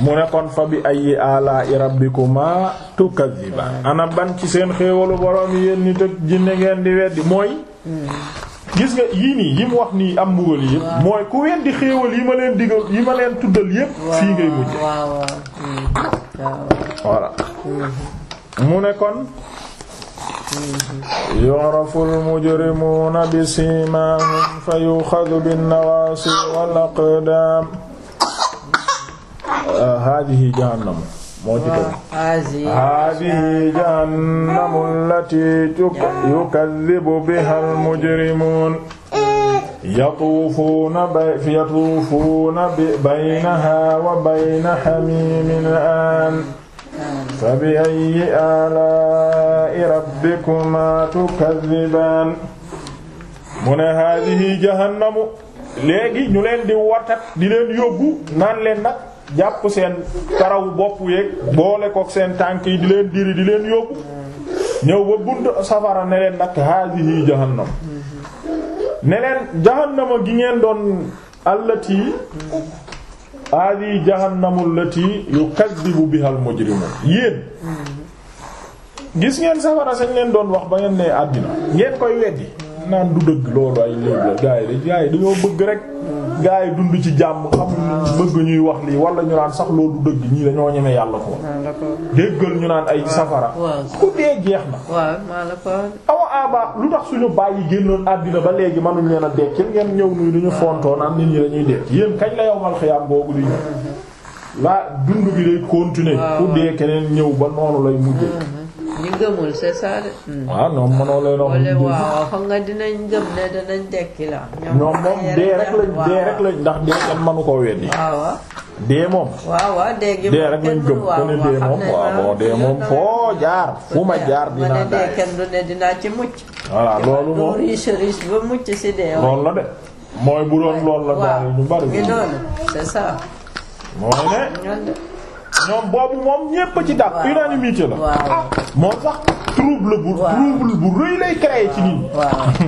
mu ne fa bi ay ala rabbikuma tukazziban ana ban ci seen xéewalu borom yéen nit ak jinne ngeen di weddi mooy gis nga yii nii yi mu wax nii am mbugal yëpp mooy ku weddi xéewal yi ma leen digal yi ma leen tuddal yëpp fii ngay mujj voilà mu ne kon yurafu almujrimuuna bi siimaahum fa yuxadu binnawaasi wal aqdaam euh, haadihi jahannamu moo ci tënk haadihi jahannamu allati yukazzibu biha almujrimuun yatuufuuna bay yatuufuuna baynahaa wa bayna hamiimin aan fa bi ayyi aalaa'i rabbikumaa tukazzibaan mu ne haadihi jahannamu léegi ñu leen di watat di leen yóbbu naan leen nag jàpp seen taraw bopp yeeg boole kook seen tànk yi di leen diri di leen yóbbu ñëw ba bunt safara ne leen nag haadihi jahannam ne leen jahannama gi ngeen doon allati hadi jahannamu allati yukazzibu biha al mujrimun yéen gis ngeen safara sañ leen doon wax ba ngeen ne àddina ngeen koy weddi naan du dëgg loolu ay léeb la gaa yi dañoo bëgg rek gaa dund ci jàmm xam bëgg ñuy wax lii wala ñu naan sax loolu dëgg ñii dañoo ñeme yàlla ko ah, déggal ñu naan ay safara ku dee jeex na aba lu tax suñu bàyyi génnoon àddina ba léegi mënuñ leen a dekkil ngeen ñëw nuy lu ñu fontoon am nit ñi dañuy dekk yéen kañ la yow mal xiyaam boobu di ñëw laa <laughs> dund gi day continuer ku dee keneen ñëw ba noonu lay mujjee ñi gëmul c'est ça de. waaw ñoom mënoo leen waaw xam nga dinañ gëm ne danañ dekki la. ñoom moom dee rek lañ dee rek lañ ndax dee kenn koo weddi. dee moom. waaw waaw dee moom foo jaar fu ma jaar dinaa dee kenn du ne dinaa ci mucc. voilà loolu moom riche ba mucc si dee. loolu la de mooy bu doon loolu la. waaw waaw gi noonu c'est ça. ne. ñoom boobu moom ñépp ci dàq unanimité la ah, moom sax trouble bu trouble bu rëy lay créer ci nit ñi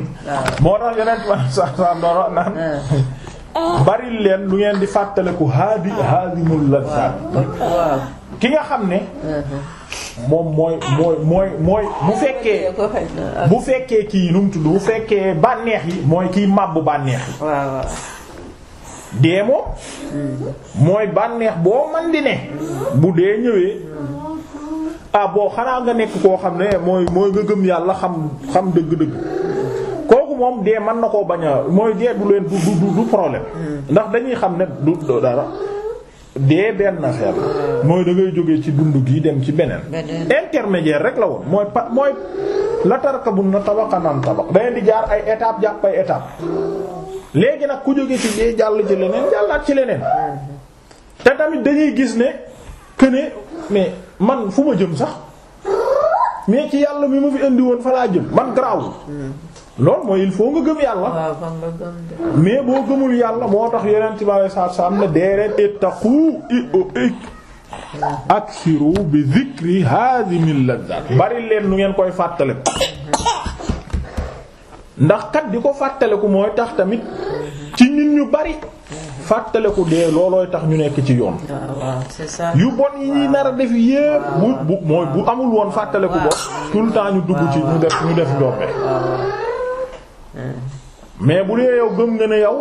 <laughs> moo tax yeneen ma sa sa doon naan eh. bari leen lu ngeen di fàttaliku haadi ah. haadimul lazzaat ki nga xam ne uh-huh. moom mooy mooy mooy mooy bu fekkee uh-huh. bu fekkee kii nu mu tudd bu fekkee bànneex yi mooy kiy màbbu bànneex yi dee moom mooy bànneex boo man di ne bu dee ñëwee ah boo xanaa nga nekk koo xam ne mooy mooy nga gëm yàlla xam xam dëgg-dëgg kooku moom dee mën na ko bañ a mooy dee du leen du du du problème ndax dañuy xam ne du dara dee benn xel mooy da jóge ci dund gi dem ci beneen intermédiaire rek la woon mooy pa mooy la tarkabun na tabaqanan tabaq da ngeen di jaar ay étape jàpp ay étape léegi nag ku jóge ci dee jàll ci leneen jàllaat ci leneen te tamit dañuy gis ne que ne mais man fu ma jëm sax mais ci yàlla mi ma fi indi woon fa laa jëm man garaawul loolu mooy il faut nga gëm yàlla mais boo gëmul yàlla moo tax yeneen yonent bi alayhi salaatu salaam ne deereen ittaqu aksiru bi dhikri hadhihi ladhat bari leen lu ngeen koy fàttale ndax kat di ko fàttaleku mooy tax tamit ci nit ñu bari fàttaleku dee loolooy tax ñu nekk ci yoon. c'est yu bon yi ñuy nar a def yépp bu mooy bu amul woon fàttaleku bo tout le temps ñu dugg ci ñu def ñu def njombe. mais bu dee yow gëm nga ne yow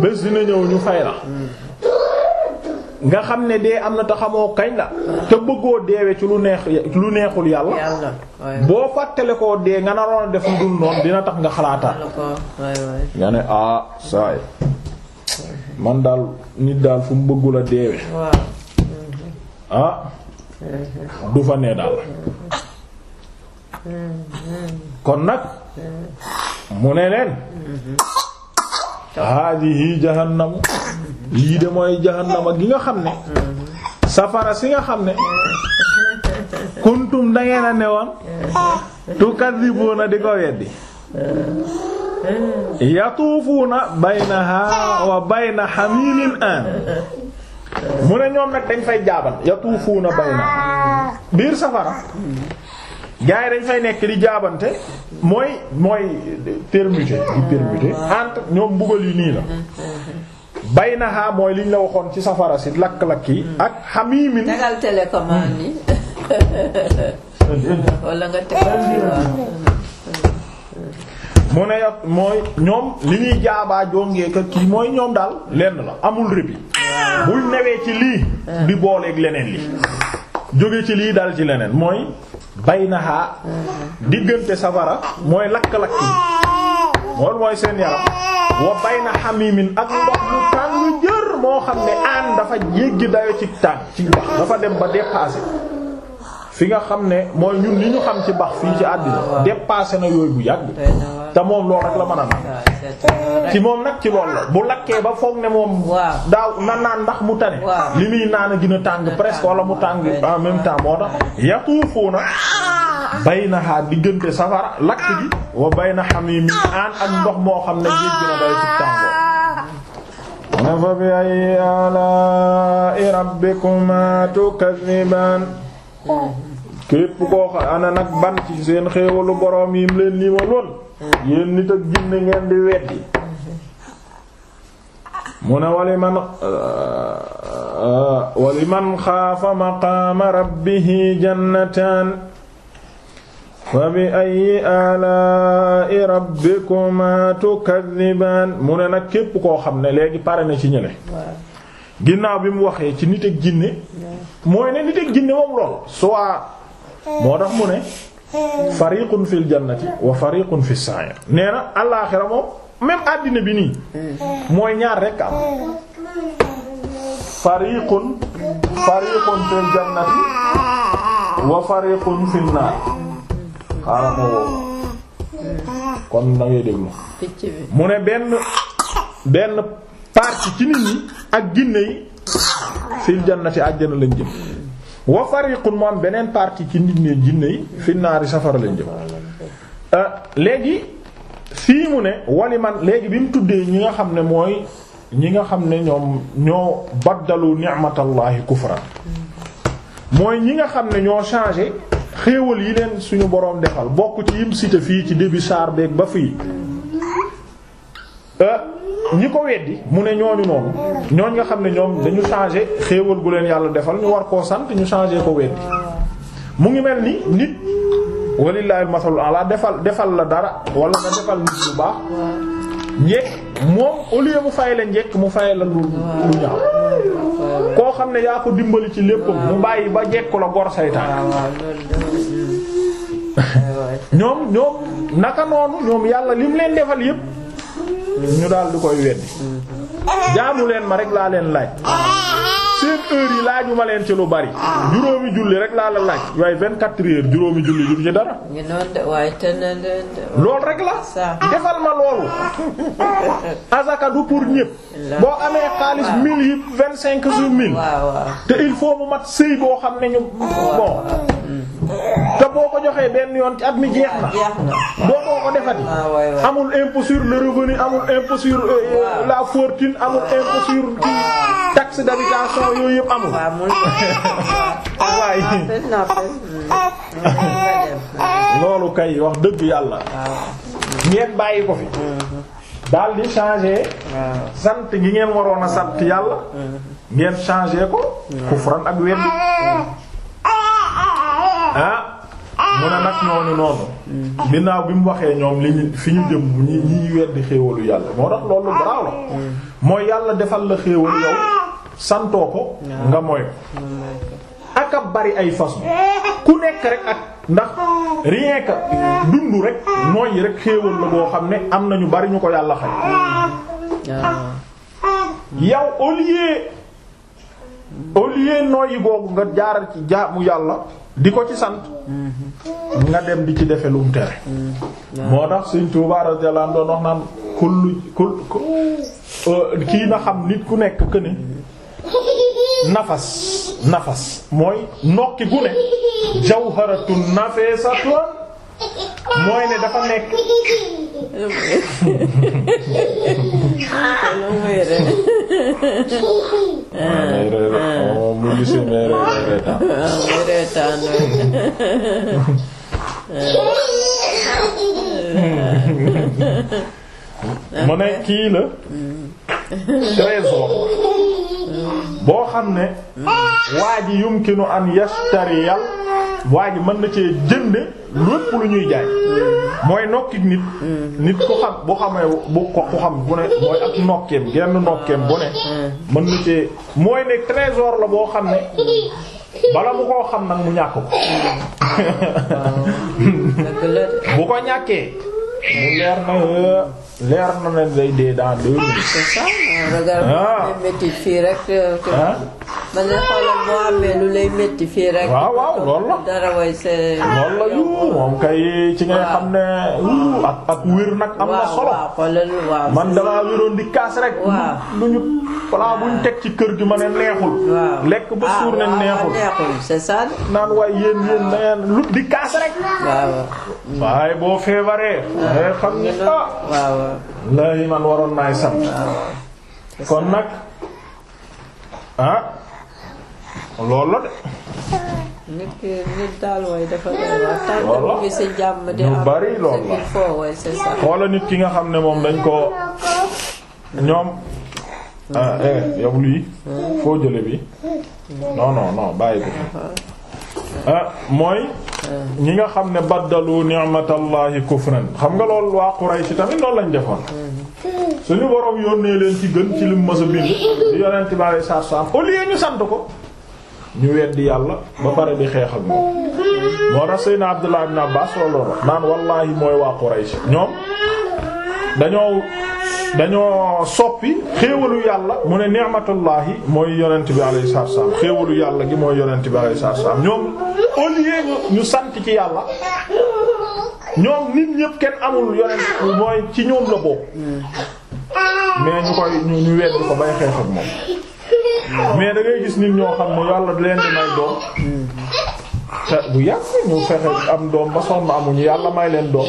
bés dina ñëw ñu fay la. Mm-hmm. nga xam ne dee am na te xamoo kañ la te bëggoo deewe ci lu neexul yàlla boo fàttale koo dee nga naroon a def lu noonu dina tax nga xalaataat nga ne ah saay man daal nit daal fu mu bëggul a deewe ah du fa ne daal mm-hmm. kon nag mu ne leen mm-hmm. haadihi jahannamu lii de mooy jahannama gi nga xam ne safara si nga xam ne kuntum da ngeen a newoon tukaddibuuna di ko weddi yatuufuuna baynaha wa bayna hamiimin aan mu ne ñoom nag dañ fay jaaban yatuufuuna bayna biir safara gars yi dañ fay nekk di jaabante mooy mooy permuté di permuté entre ñoom mbugal yi nii la bay naxaa mooy liñ la waxoon ci safara si lakk-lakk yi ak xamiimin <laughs> mu ne yot mooy ñoom li ñuy jaaba jongee ka kii mooy ñoom daal lenn la amul rëbi ah! buñ newee ci lii di booleeg leneen li jóge ci lii dal ci leneen mooy baynaha diggante safara mooy lakk-lakk yi loolu mooy seen yaram wa bayna hamimin ak ndox mu tàng jër moo xam ne aan dafa jéggi dayo ci tàng ci bax dafa dem ba dépassé fi nga xam ne mooy ñun li ñu xam ci bax fii ci àddina dépassé na yooyu bu yàgg te moom loolu rek la mën a naan ci moom nag ci loolu la bu lakkee ba foog ne moom daaw na naan ndax mu tane li muy naan a gën tàng presque wala mu tàng en même temps moo tax yatuufuuna baynaha diggante safara lakk gi wa bayna hamimin aan ak ndox moo xam ne jéggi na day ci tàngoo na fa bi ay alaa rabbikuma tukazziban hmm. képp koo xam ana nag ban ci seen xéewalu boroom yim leen liimaloon yéen nit ak jinne ngeen di weddi mu ne wali man uh, wali man xaafa maqaama rabbihi jannataan fa bi ay alaa'i rabbikumaa tukaddibaan mu ne nag képp koo xam ne léegi pare na ci ñële ginnaaw bi mu waxee ci nit ak jinne mooy ne nit ak jinne moom lool soit moo tax mu ne fariqun fil jannati wa fariqun fis sa'ir nee na àllaaxira àddina bi nii mooy ñaar rekk am fariqun fariqun fil jannati wa fariqun fin naar xaaral ma kon da ngay déglu mu ne benn benn partie ci nit ñi ak ginne yi fil jannati àjjana lañ jëm wa fariqun mu am beneen partie ci nit ñi jinne yi fi naari safara lañ jëm euh, léegi fii mu ne wali man léegi bi mu tuddee ñi nga xam ne mooy ñi nga xam ne ñoom ñoo baddalu ni'matallahi kufra mooy ñi nga xam ne ñoo changé xéewal yi leen suñu boroom defal bokk ci yim cité fii ci début saar beeg ba fii euh, ñi ko weddi mu ne ñooñu noonu ñooñ nga xam ne ñoom dañu changer xéewal gu leen yàlla defal ñu war koo sant ñu changer ko weddi mu ngi mel ni nit walillahi almasalul ala defal defal la dara wala nga defal nit lu baax njekk moom au lieu mu fay la njekk mu fay la lu ñaaw koo xam ne yaa ko dimbali ci léppam mu bàyyi ba jekku la gor saytaan ñoom ñoom naka noonu ñoom yàlla lim leen defal yépp ñu daal di koy weddi jaamu leen ma rek laa leen laaj seen heures yi laajuma leen ci lu bari juróomi julli rek laa la laaj waaye vingt-quatre heures juróomi julli jur ci dara loolu rek la defal ma loolu <laughs> azaka du pour ñépp boo amee xaalis mille yi vingt-cinq sur mille te il faut mu mat sëy boo xam ne ñu bon te boo ko joxee benn yoon ci at mi jeex na. boo ko ko defati. Ah, amul impôt sur le revenu amul impôt sur euh, ah. la fortune amul impôt sur kii ah. yooyu yëpp amul. loolu kay wax dëgg yàlla. ngeen bàyyi ko fi. Mm-hmm. daal di changer. sant gi ngeen waroon a sant yàlla. Mm-hmm. ngeen changer ko. Mm-hmm. kufran ak weddi ah. mu ne nag ñooñu noonu mm. ginnaaw bi mu waxee ñoom li ñu fi ñu jëm ñi ñiy weddi xéewalu yàlla moo tax loolu ah. garaaw la mm. mooy yàlla defal la xéewal yow ah. santoo ko ah. nga mooy ak a bari ay façon eh. ku nekk rek ak ndax rien que dund rek mooy rek xéewal la boo xam ne am na ñu bari ñu ko yàlla xaj yow au lieu au lieu nga jaaral ci jaamu yàlla di ko ci sant nga dem di ci defee lu mu tere mm-hmm. moo tax Sëriñ Tuubaa radiyallahu anhu doon uh, kii na xam nit ku nekk que <laughs> nafas nafas mooy nokki gu ne jawharatun nafisatun mooy ne dafa nekk. mu ne kii la. trésor boo xam ne. Hmm. waa ji yumkinu an yastariyal waa ji mën na cee jënd lépp lu ñuy jaay mooy nokkik nit nit ko xam boo xamee bu ko ko xam bu ne mooy ak nokkeem genn nokkeem bu ne mën na cee mooy ne trésor la boo xam ne bala mu koo xam nag mu ñàkk ko bu ko ñàkkee mu leer na leer na ne day dee dans deux minutes ragal ah. ah. boo waaw waaw loolu la moom kay ci ngay ne. ak ak wér nag am na solo. man damaa wéroon di rek. lu ñu plat bu ñu ci kër gi ma ne neexul. lekk ba ah, suur ne neexul. c'est ça. naan waaye yéen yéen da ngeen lu di rek. waaw. waaye boo feebaree. xam ni ah. waaw. lay man waroon naay sant. kon nag ah loolu la de. nit ki nit daal waay dafa ñu bari lool la xoola nit ki nga xam ne moom dañ ko ñoom. ah eh yow lii. foo jële bi. non non bàyyi ko. Uh-huh. ah mooy. Uh-huh. ñi nga xam ne baddalu ni'matallahi kufran xam nga loolu waa Quraysh tamit loolu lañ defoon. Uh-huh. suñu borom yónnee leen ci gën ci lim mës a bind di yonent bi alei satu salaam au lieu ñu sant ko ñu weddi yàlla ba pare di xeex ak moom moo tax Seydina Abdullah ibn Abbas loolu naan wallaahi mooy waa Quraysh ñoom dañoo dañoo soppi xéewalu yàlla mu ne ni'matullahi mooy yonent bi alayhi salaatu salaam xéewalu yàlla gi mooy yonent bi alayhi salaatu salaam ñoom au lieu ñu sant ci yàlla ñoom nit ñëpp kenn amul yonent ci ñoom la bokk mais ñu koy ñu wedd ko bay xeex moom mais da ngay gis nit ñoo xam ne yàlla leen di may doom te bu yàgg ñu fexe am doom ba sonn amuñu yàlla may leen doom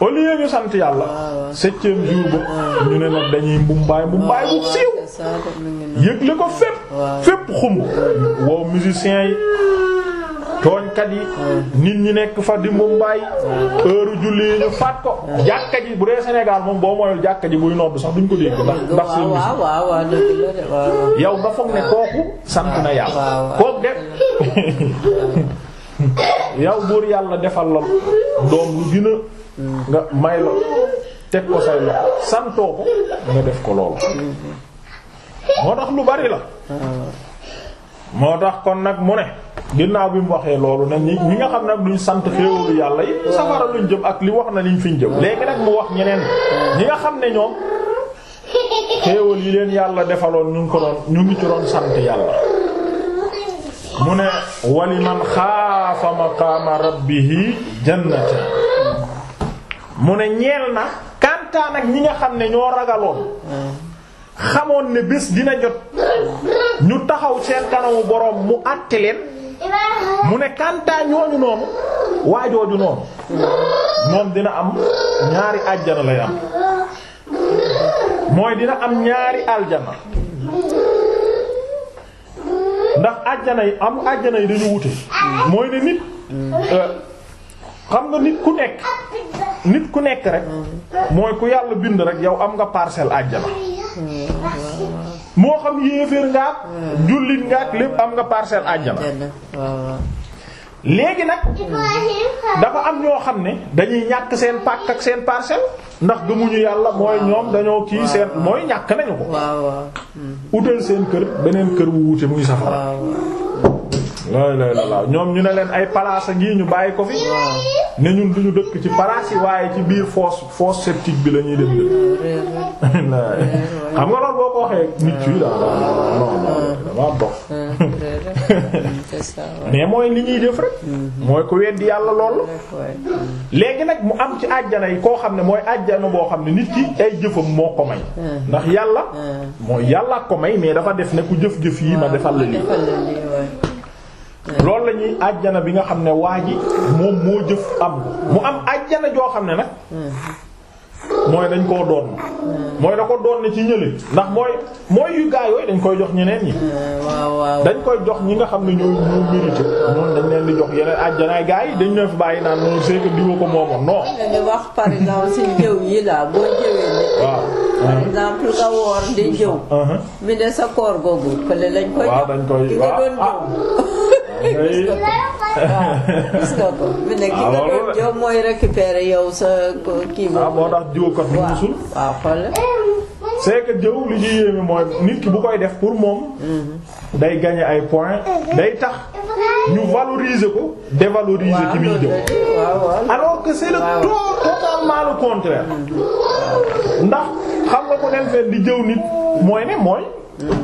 au lieu ñu sant yàlla septième jour ba ñu ne nag dañuy mbumbaay mbumbaay bu siiw yëgle ko fépp fépp xum wow musiciens yi kat yi nit ñi nekk fa di Mumbai heure julli yi faat ko jàkka ji bu dee Sénégal moom boo moyul jàkka ji buy nodd sax duñ ko dégg ndax ndax seen musique yow nga foog ne kooku sant na yàlla kooku def <laughs> yow buur yàlla defal la doom lu gën a nga may la teg ko say loxo santoo ko nga def ko loolu moo tax lu bari la ah. moo tax kon nag mu ne ginnaaw bi mu waxee loolu ne ñi ñi nga xam ne duñ sant xéewalu yàlla yi safara luñ jëm ak li wax na liñ fiñ jëm léegi nag mu wax ñeneen ñi nga xam ne ñoom xéewal yi leen yàlla defaloon ñu ko doon ñu ngi sant yàlla mu ne wali man xaafa maqaama rabbihi jannata mu ne ñeel na kantaan ak ñi nga xam ne ñoo ragaloon xamoon ne bés dina jot ñu taxaw seen kanamu boroom mu àtte leen mu ne kantaa ñooñu noonu waajooju noonu moom dina am ñaari àjjana lay am mooy dina am ñaari aljana ndax àjjana yi am àjjana yi dañu wute mooy ne nit euh, xam nga nit ku nekk nit ku nekk rek mooy ku yàlla bind rek yow am nga parcelle àjjana moo xam yéeféer nga ak hmm. jullit nga ak lépp am nga parcelle àjjana léegi nag dafa am ñoo xam ne dañuy ñàkk seen pàkk ak seen parcelle ndax gëmuñu yàlla mooy ñoom dañoo kii seen mooy ñàkk nañu ko hmm. utal seen kër beneen kër bu wuute muy safara waaw ñoom ñu ne leen ay palaas ngi ñu bàyyi ko fi. ne ñun duñu dëkk ci palaas yi waaye ci biir foos foos septique bi la ñuy dem dëkk. xam nga loolu boo ko waxee nit yi daal non non mais mooy li ñuy def rek. mooy ko weddi yàlla loolu. léegi nag mu am ci àjjana yi koo xam ne mooy àjjana boo xam ne nit ki ay jëfam moo ko may. ndax yàlla. Ah. mooy yàlla ko may mais dafa def ne ku jëf-jëf yi ma defal la lii. loolu la ñuy àjjana bi nga xam ne waa ji moom moo jëf am mu am àjjana joo xam ne nag mooy dañ koo doon mooy da ko doon ne ci ñële ndax mooy mooy yu gaa yooyu dañ koy jox ñeneen ñi. dañ koy jox ñi nga xam ne ñu ñoo mérité noonu dañ leen di jox yeneen àjjanaay gaa yi dañ leen fi bàyyi naan non c'est que ko moomoon a li wax par exemple yi la boo jëwee. waaw par nga woor di uh-huh. jëw. Uh-huh. mi ne sa koor googu kële lañ koy. waaw dañ koy ah. <laughs> ah, mooy récupérer yow sa kii. waaw ah, moo tax diwa kat bi musul waaw xool c'est que jëw li ci yéeme mooy nit ki bu koy def pour moom mhm. day gagner ay points day tax ñu valoriser ko dévaloriser ki muy jëw alors que c'est le totalement le contraire mhm. ndax xam nga ko dem di jëw nit mooy ne mooy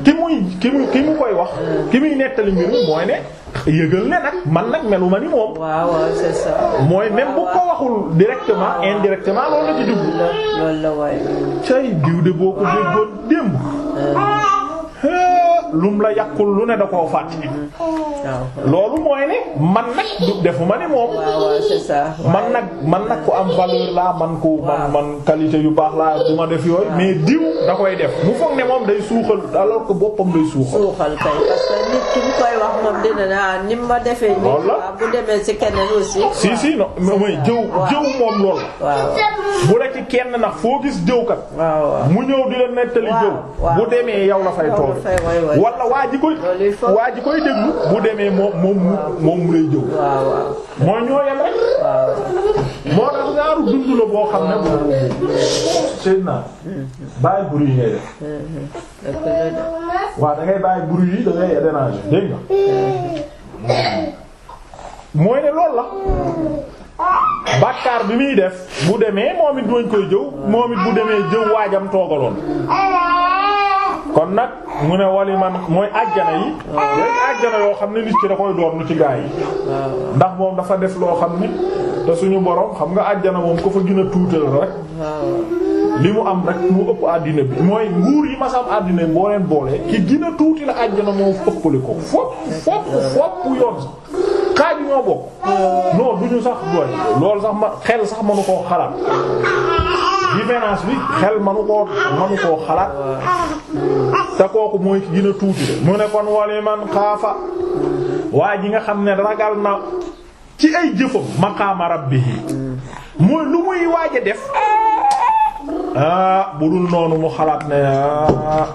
ki muy ki muy ki mu koy wax ki muy nettali mbir mi mooy ne yëgal ne nag man nag melu ma ni moom mooy même bu ko waxul directement indirectement loolu la ci jublu cay diw de boo ko déggoon démb euh. lum la yàqul lu ne da koo fàtte. loolu mooy ne man nag du defuma ne moom. c'est man nag man nag ku am valeur laa man ko man man yu baax laa du ma def yooyu mais diw da koy def mu foog ne moom day suuxal alors que boppam day ah, la bu demee si kenn nag foo gis jëwkat. mu ñëw di la nettali jëw. bu demee yow la fay tool. wala waa ji koy waa ji koy déglu bu demee moom moom moom mu lay jëw moo ñoo yem rek moo tax ñaaru dund la boo xam ne moom da ngay bàyyi bruit yi da ngay mooy ne loolu la bàkkaar bi muy def bu demee moom it duñ koy jëw moom it bu demee jëw waajam toogaloon kon nag mu ne wali man mooy ajjana yi yooyu ajjana yoo xam ne nit ci da koy doon lu ci gaa yi ndax moom dafa def loo xam ne te suñu borom xam nga ajjana moom ko fa gën a tuutal rek li mu am rek mu ëpp àddina bi mooy nguur yi masam àddina moo leen boolee ki gën tuuti la ajjana moom ëppale ko fopp fopp fopp yoon xaaj ñoo bokk ah. non duñu sax doy loolu sax ma xel sax mënu koo xalaat différence bi xel manu koo manu koo xalaat te kooku mooy ki gën a tuuti de mu ne kon wali xaafa waa ji nga xam ne ragal na ci ay jëfam maqaama rabbihi mooy lu muy waaj def ah bu dul noonu mu xalaat ne ah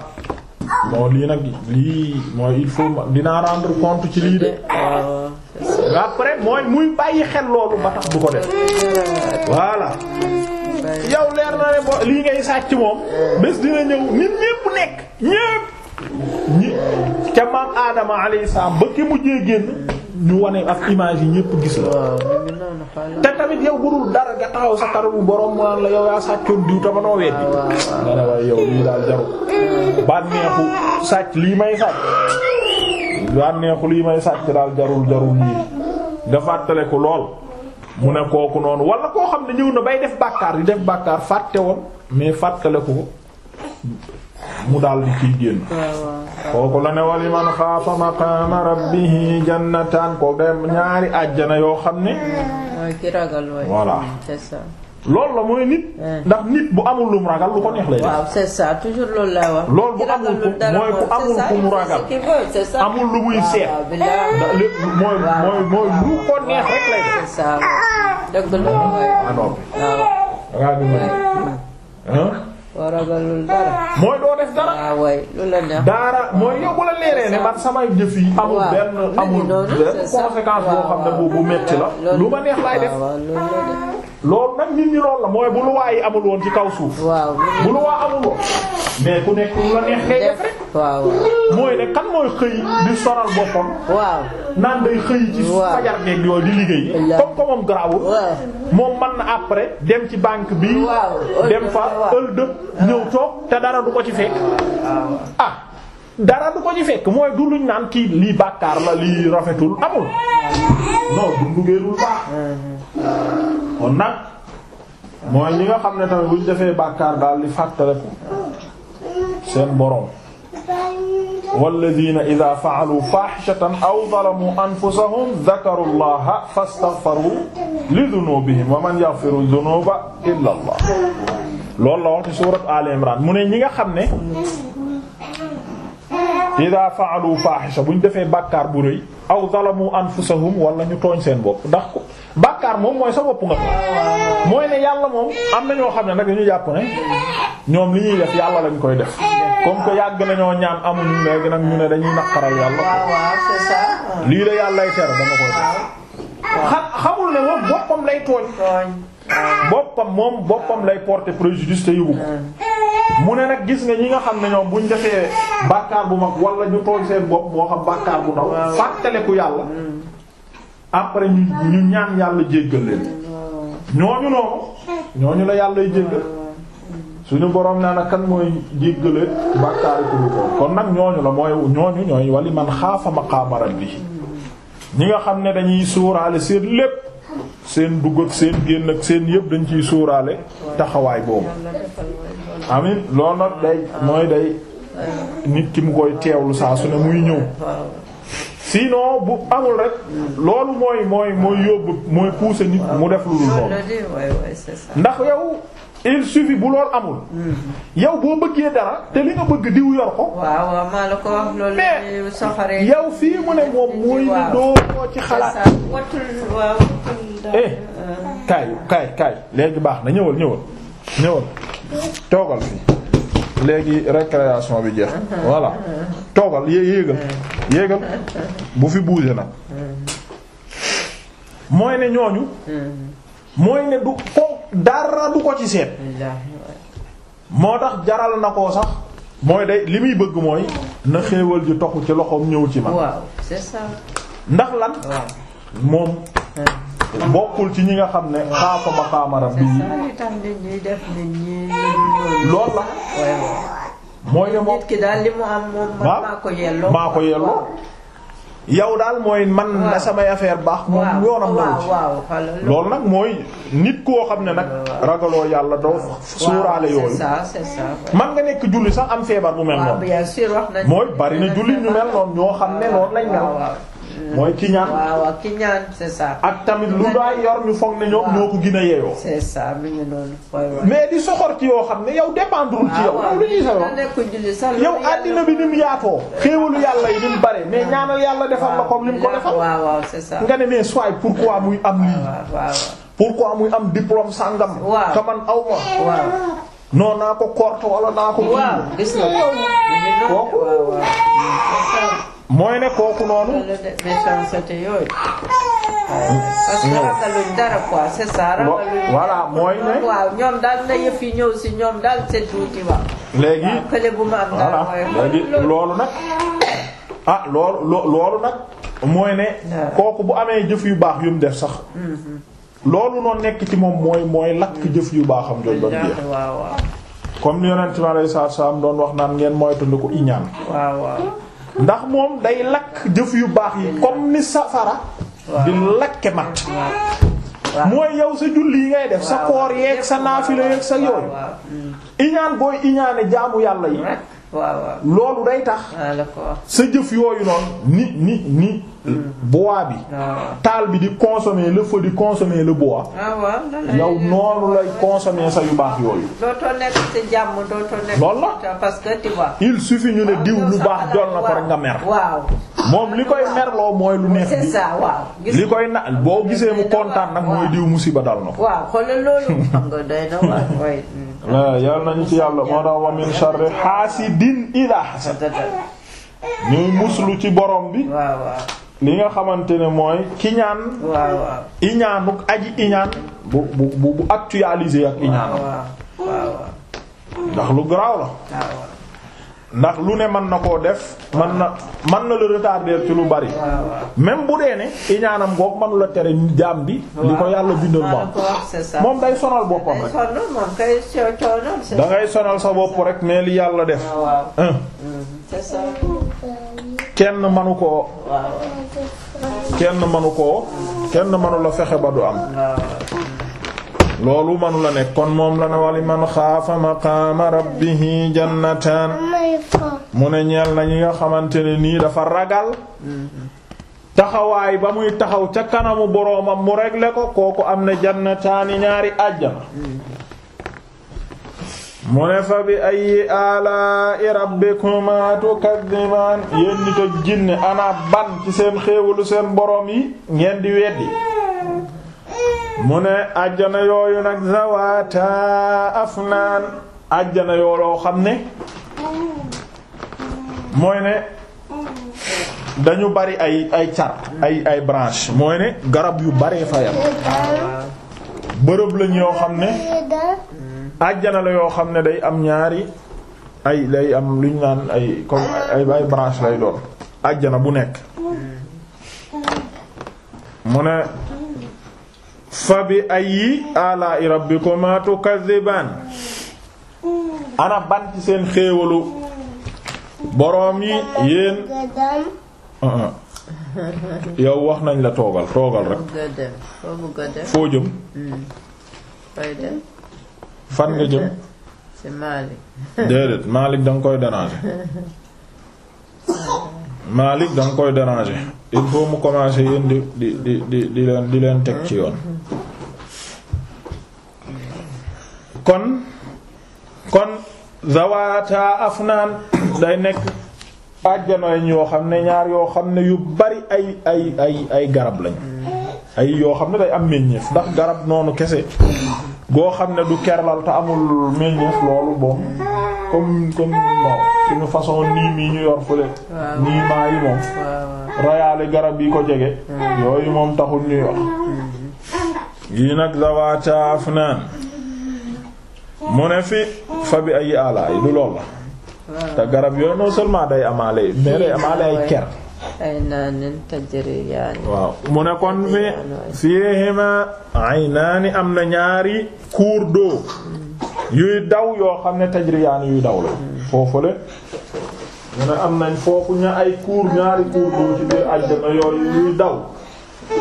bon lii nag lii mooy il faut dinaa rendre compte ci lii de après mooy muy bàyyi xel loolu ba tax du ko def voilà yow leer na ne boo lii ngay sàcc moom bés dina ñëw nit ñépp nekk ñépp ñi ca maam Adama alayhi salaam ba ki mujjee génn ñu wane ak image yi ñépp gis la te tamit yow budul dara nga taxaw sa karamu borom mu naan la yow yaa sàccoon diw te manoo weddi nga ne waaye yow lii sàcc lii may sàcc bànneexu lii may sàcc daal jarul jarul lii nga fàttale ko lool mu ne kooku noonu wala koo xam ne ñëw na bay def bàkkaar di def bàkkaar fàtte woon mais fàttale ko mu daal di ciy génn kooku la ne wali man xaafa maqama rabbihi jannataan kooku day ñaari àjjana yoo xam ne voilà lool la mooy nit. Eh. ndax nit bu amul lu mu ragal lu ko neex lay waaw c'est ça toujours loolu la wax. loolu bu amul mooy ku amul lu ko neex rek lay ah, ah. mooy doo def dara. Ah, mooy yow bu la leeree ne man samay jëf yi. amul benn amul bu metti la. lu ma neex lay def. loolu nag nit ñi loolu la mooy bu lu waa amul woon ci kaw suuf. waaw bu lu waa amul woon. mais ku nekk lu la neex ngay def rek. waaw mooy ne kan mooy xëy di soral boppam. naan day xëy ci. fajar geeg yooyu di liggéey. comme comme moom moom man na après dem ci banque bi. dem fa ëll dëpp ñëw toog te dara du ko ci fekk. ah dara du ko ci fekk mooy du luñ naan kii lii bàkkaar la lii rafetul amul. non dundu ngeenul baax kon nag mooy ñi nga xam ne tamit bu ñu defee bàkkaar daal di fàttaliku seen boroom walladina ida faalu faaxishatan aw dalamu anfusahum dakaru llaha fastaxfaru li dunubihim wa man yaxfiru dunuba illa allah loolu la wax ci suurat Al Imran mu ne ñi nga xam ne ida faalu faaxisa bu ñu defee bàkkaar bu rëy aw zalamu anfusahum wala ñu tooñ seen bopp ndax ko bàkkaar moom mooy sa bopp nga tooñ mooy ne yàlla moom am na ñoo xam ne nag dañu jàpp ne ñoom li ñuy def yàlla lañ koy def comme que yàgg nañoo ñaan amuñu léegi nag ñu ne dañuy naqaral yàlla lii la yàllay tere dama koy def xamul ne moom boppam lay tooñ boppam moom boppam lay porter préjudice te yóbbu mu ne nag gis nga ñi nga xam ne ñoom buñ defee bàkkaar bu mag wala ñu tooñ seen bopp moo xam bàkkaar bu ndaw fàttaleku yàlla mm. après ñu ñu ñaan yàlla jéggal leen mm. ñooñu noonu ñooñu la yàlla jéggal suñu borom naa na kan mooy jéggale bàkkaari ku lu ko kon nag ñooñu la mooy ñooñu ñooy wali man xaafa maqaama rabbi ñi nga xam ne dañuy suuraale seet lépp seen dugg ak seen génn ak seen yëpp dañ ciy suuraale taxawaay boobu amin loolu nag day mooy day nit ki mu koy teewlu saa su ne muy ñëw sinon bu amul rek loolu mooy mooy mooy yóbbu mooy pousser nit mu def lu dul loolu ndax yow il suffit bu loolu amul. Mm-hmm. yow boo bëggee dara te li nga bëgg diw yor mais yow fii mu ne moom mooy ni doo ko ci xalaat. eh kaay kaay kaay léegi baax na ñëwal ñëwal ñëwal toogal fi léegi récréation bi jeex. Mm-hmm. voilà toogal yé yéegal mm-hmm. yéegal bu fi bougé nag. mooy ne ñooñu. mooy ne du ko dara du ko ci seet moo tax jaral na koo sax mooy day li muy bëgg mooy na xéewal ji toxu ci loxoom ñëw ci man waaw c'est ça ndax lan moom bokkul ci ñi nga xam ne xaafa ma xaama rabbi lool la mooy ne ki daal li mu maa ko yelloo maa ko yelloo yow daal mooy man na samay affaire baax moom yoonam nawu ci loolu nag mooy nit koo xam ne nag ragaloo yàlla doo suuraale yooyu man nga nekk julli sax am feebar bu mel noonu mooy bari na julli ñu mel noonu ñoo xam ne noonu lañ mel mooy ki ñaan waaw waaw ki ak tamit lu daay yor ñu foog ne ñoom ñoo ko gën a yeyoo. c'est mais di soxor ci yoo xam ne yow dépendrul ci yow. waaw li ñuy sa yow àddina bi ni mu yaatoo. xéewalu yàlla yi ni bare mais ñaanal yàlla defal la comme ni ko defal. waaw waaw c'est ça. nga ne mais soit pourquoi muy am lii. pourquoi muy am diplôme sangam. waaw ka man aw ma. waaw non naa ko korte wala naa ko. waaw gis nga ko. mooy ne kooku noonu. parce que ragaluñ dara quoi c'est ça. ragaluñ voilà mooy ne. waaw ñoom daal na yëf yi ñëw si ñoom daal c'est tuuti ba. léegi voilà loolu nag. ah loolu loolu nag. mooy ne. kooku bu amee jëf yu baax yu mu def sax. Mm-hmm. loolu noonu nekk ci moom mooy mooy lakk mm-hmm. jëf yu baaxam jooju ba mu jeex. comme ni yonent mi alayhi salaam doon wax naan ngeen moytu ko iñaan. ndax moom day lakk jëf yu baax yi comme ni safara di lakke mat mooy yow sa julli yi ngay def sa koor yeeg sa naafila yeeg sa yooyu iñaan booy iñaane jaamu yàlla yi waaw loolu day tax. Ah, sa jëf yooyu noonu ni ni ni. Hmm. bois bi. Ah, taal bi di consommer la feu di la le bois. Ah, yow noonu lay consommer sa yu baax yooyu. dootoo nekk ci loolu la il suffit ñu ne diw lu baax jol na ko rek nga mer. waaw moom li koy merloo mooy lu neex. c'est ça waaw. li koy na boo gisee mu kontaan nag mooy diw musiba dal na ko. waaw Eh, yal nañu ci yàlla moo tax wa min sharri hasidin ila ñuy muslu ci borom bi li nga xamante ne mooy kiñaan iñaanu aji iñaan bu bu bu actualisé ak iñaanam ndax lu garaaw ndax lu ne mën na koo def mën na man na la retarder ci lu bari même bu dee ne iñaanam goog manu la tere jaam bi li ko yàlla bindal moom moom day sonal boppam rek da ngay sonal sa bopp rek mais li yàlla def ah, mm, kenn manu koo kenn manu koo kenn manu la fexe ba du am ah, loolu manu la nekk kon moom la ne wali man xaafa maqaama rabbihi jannataan mu ne ñeel na ñi nga xamante ne nii dafa ragal taxawaay ba muy taxaw ca kanamu boroomam mu regle ko kooku am na jannataani ñaari àjjana mu ne fa bi ay ala i rabbikuma tukaddimaan yéen nit ak jinne ana ban ci seen xéewalu seen boroom yi ngeen di weddi mu ne àjjana yooyu nag zawata afnaan àjjana yooloo xam ne mooy ne dañu bari ay ay car ay branche mooy ne garab yu baree fayam bërëb lañ yoo xam ne àjjana la yoo xam ne day am ñaari ay day am lu ñu naan ay comme ay branche lay doon àjjana bu nekk mu ne fa bi ayyi alaa'i rabbikumaa tukazzibaan ana ban seen xéewalu boroom yi yéen <laughs> yow wax nañ la toogal toogal rek foo jëm hmm. fan nga jëm <laughs> déedéet Malik danga koy déranger <laughs> Malik danga koy déranger il faut mu commencer yéen di di di di di leen di leen teg ci yoon kon kon zawata afnaan day nekk àjjanooy yoo xam ne ñaar yoo xam ne yu bari ay ay ay ay garab lañ ay yoo xam ne day am meññeef ndax garab noonu kese goo xam ne du kerlal te amul meññeef loolu bon comme comme nii mii ñu yor fële. nii maa yi moom. rayaale garab yi ko jege. yooyu moom taxul ñuy wax. yii mm-hmm. nag zawaata afnaan mu ne fi fa bi ay ala yi du lool la. te garab yooyu non seulement day amaale mais day amaale ay ker. mu ne kon fi fiihima aynaani am na ñaari cours d'eau mm-hmm. yuy daw yoo xam ne tajriyaan yuy daw la foofule ñu ne am nañ foofu ña ay cours ñaari cours bu ci biir àjjana yooyu yuy daw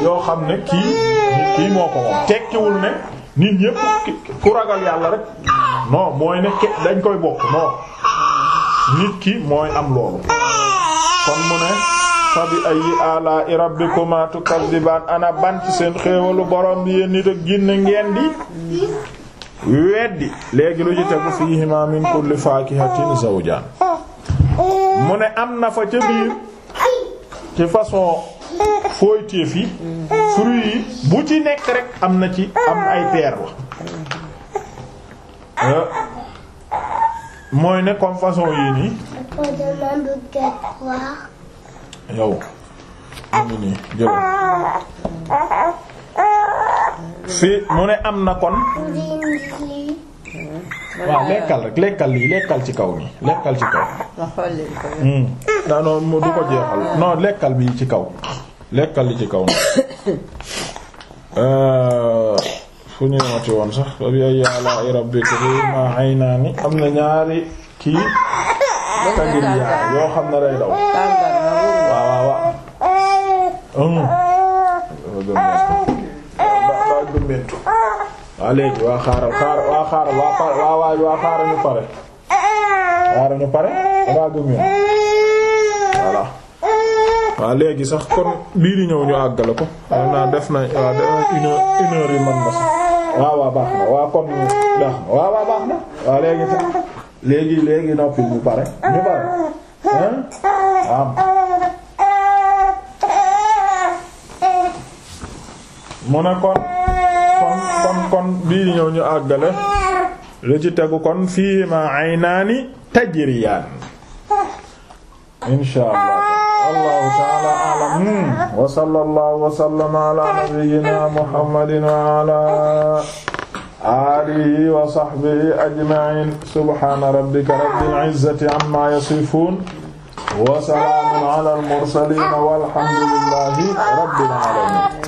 yoo xam ne kii kii moo ko moom tekkiwul ne nit ñépp ku ragal yàlla rek non mooy ne ke dañ koy bokk non nit ki mooy am loolu kon mu ne fa bi ay ala i rabbikuma tukazzibaan ana ban ci seen xéewalu borom bi yéen nit ginne ngeen di weddi léegi lu ci tegu fiihimaa min kulli faakihatin zawjaan mu ne am na fa ca biir ci façon fooyteef yi fruit yi bu ci nekk rek am na ci am ay peer la euh, mooy ne comme façon yii nii yow mu ngi nii jël fii mu ne am na kon waaw lekkal rek lekkal lii lekkal ci kaw nii lekkal ci kaw non hmm. non du ko jeexal non lekkal bi ci kaw lekkal li ci kaw na <coughs> euh, fu ñu woon sax fa bi ay yàlla ay rabbi karima ay naa ni am na ñaari kii tagir yaa yoo xam ne day daw waaw hmm. méntu waa léegi waa xaaral xaaral waa xaaral waa pare waa xaaral ñu pare xaaral ñu pare waa waa léegi sax kon bii di ñëw ñu àggale ko xam naa waa waa baax na waa kon baax na waaw waa baax na waa léegi sax léegi léegi noppi ñu pare ñu pare hein mu ne kon kon kon bii di ñëw ñu àggale lu ci tegu kon fii ma aynaani tajriyaan insha allah allahu taala alam wa sallallahu wa sallama ala nabiyyina muhammadin wa ala alihi wa sahbihi ajma'in subhana rabbika rabbil izzati amma yasifun wa salamun ala al mursalin walhamdulillahi rabbil alamin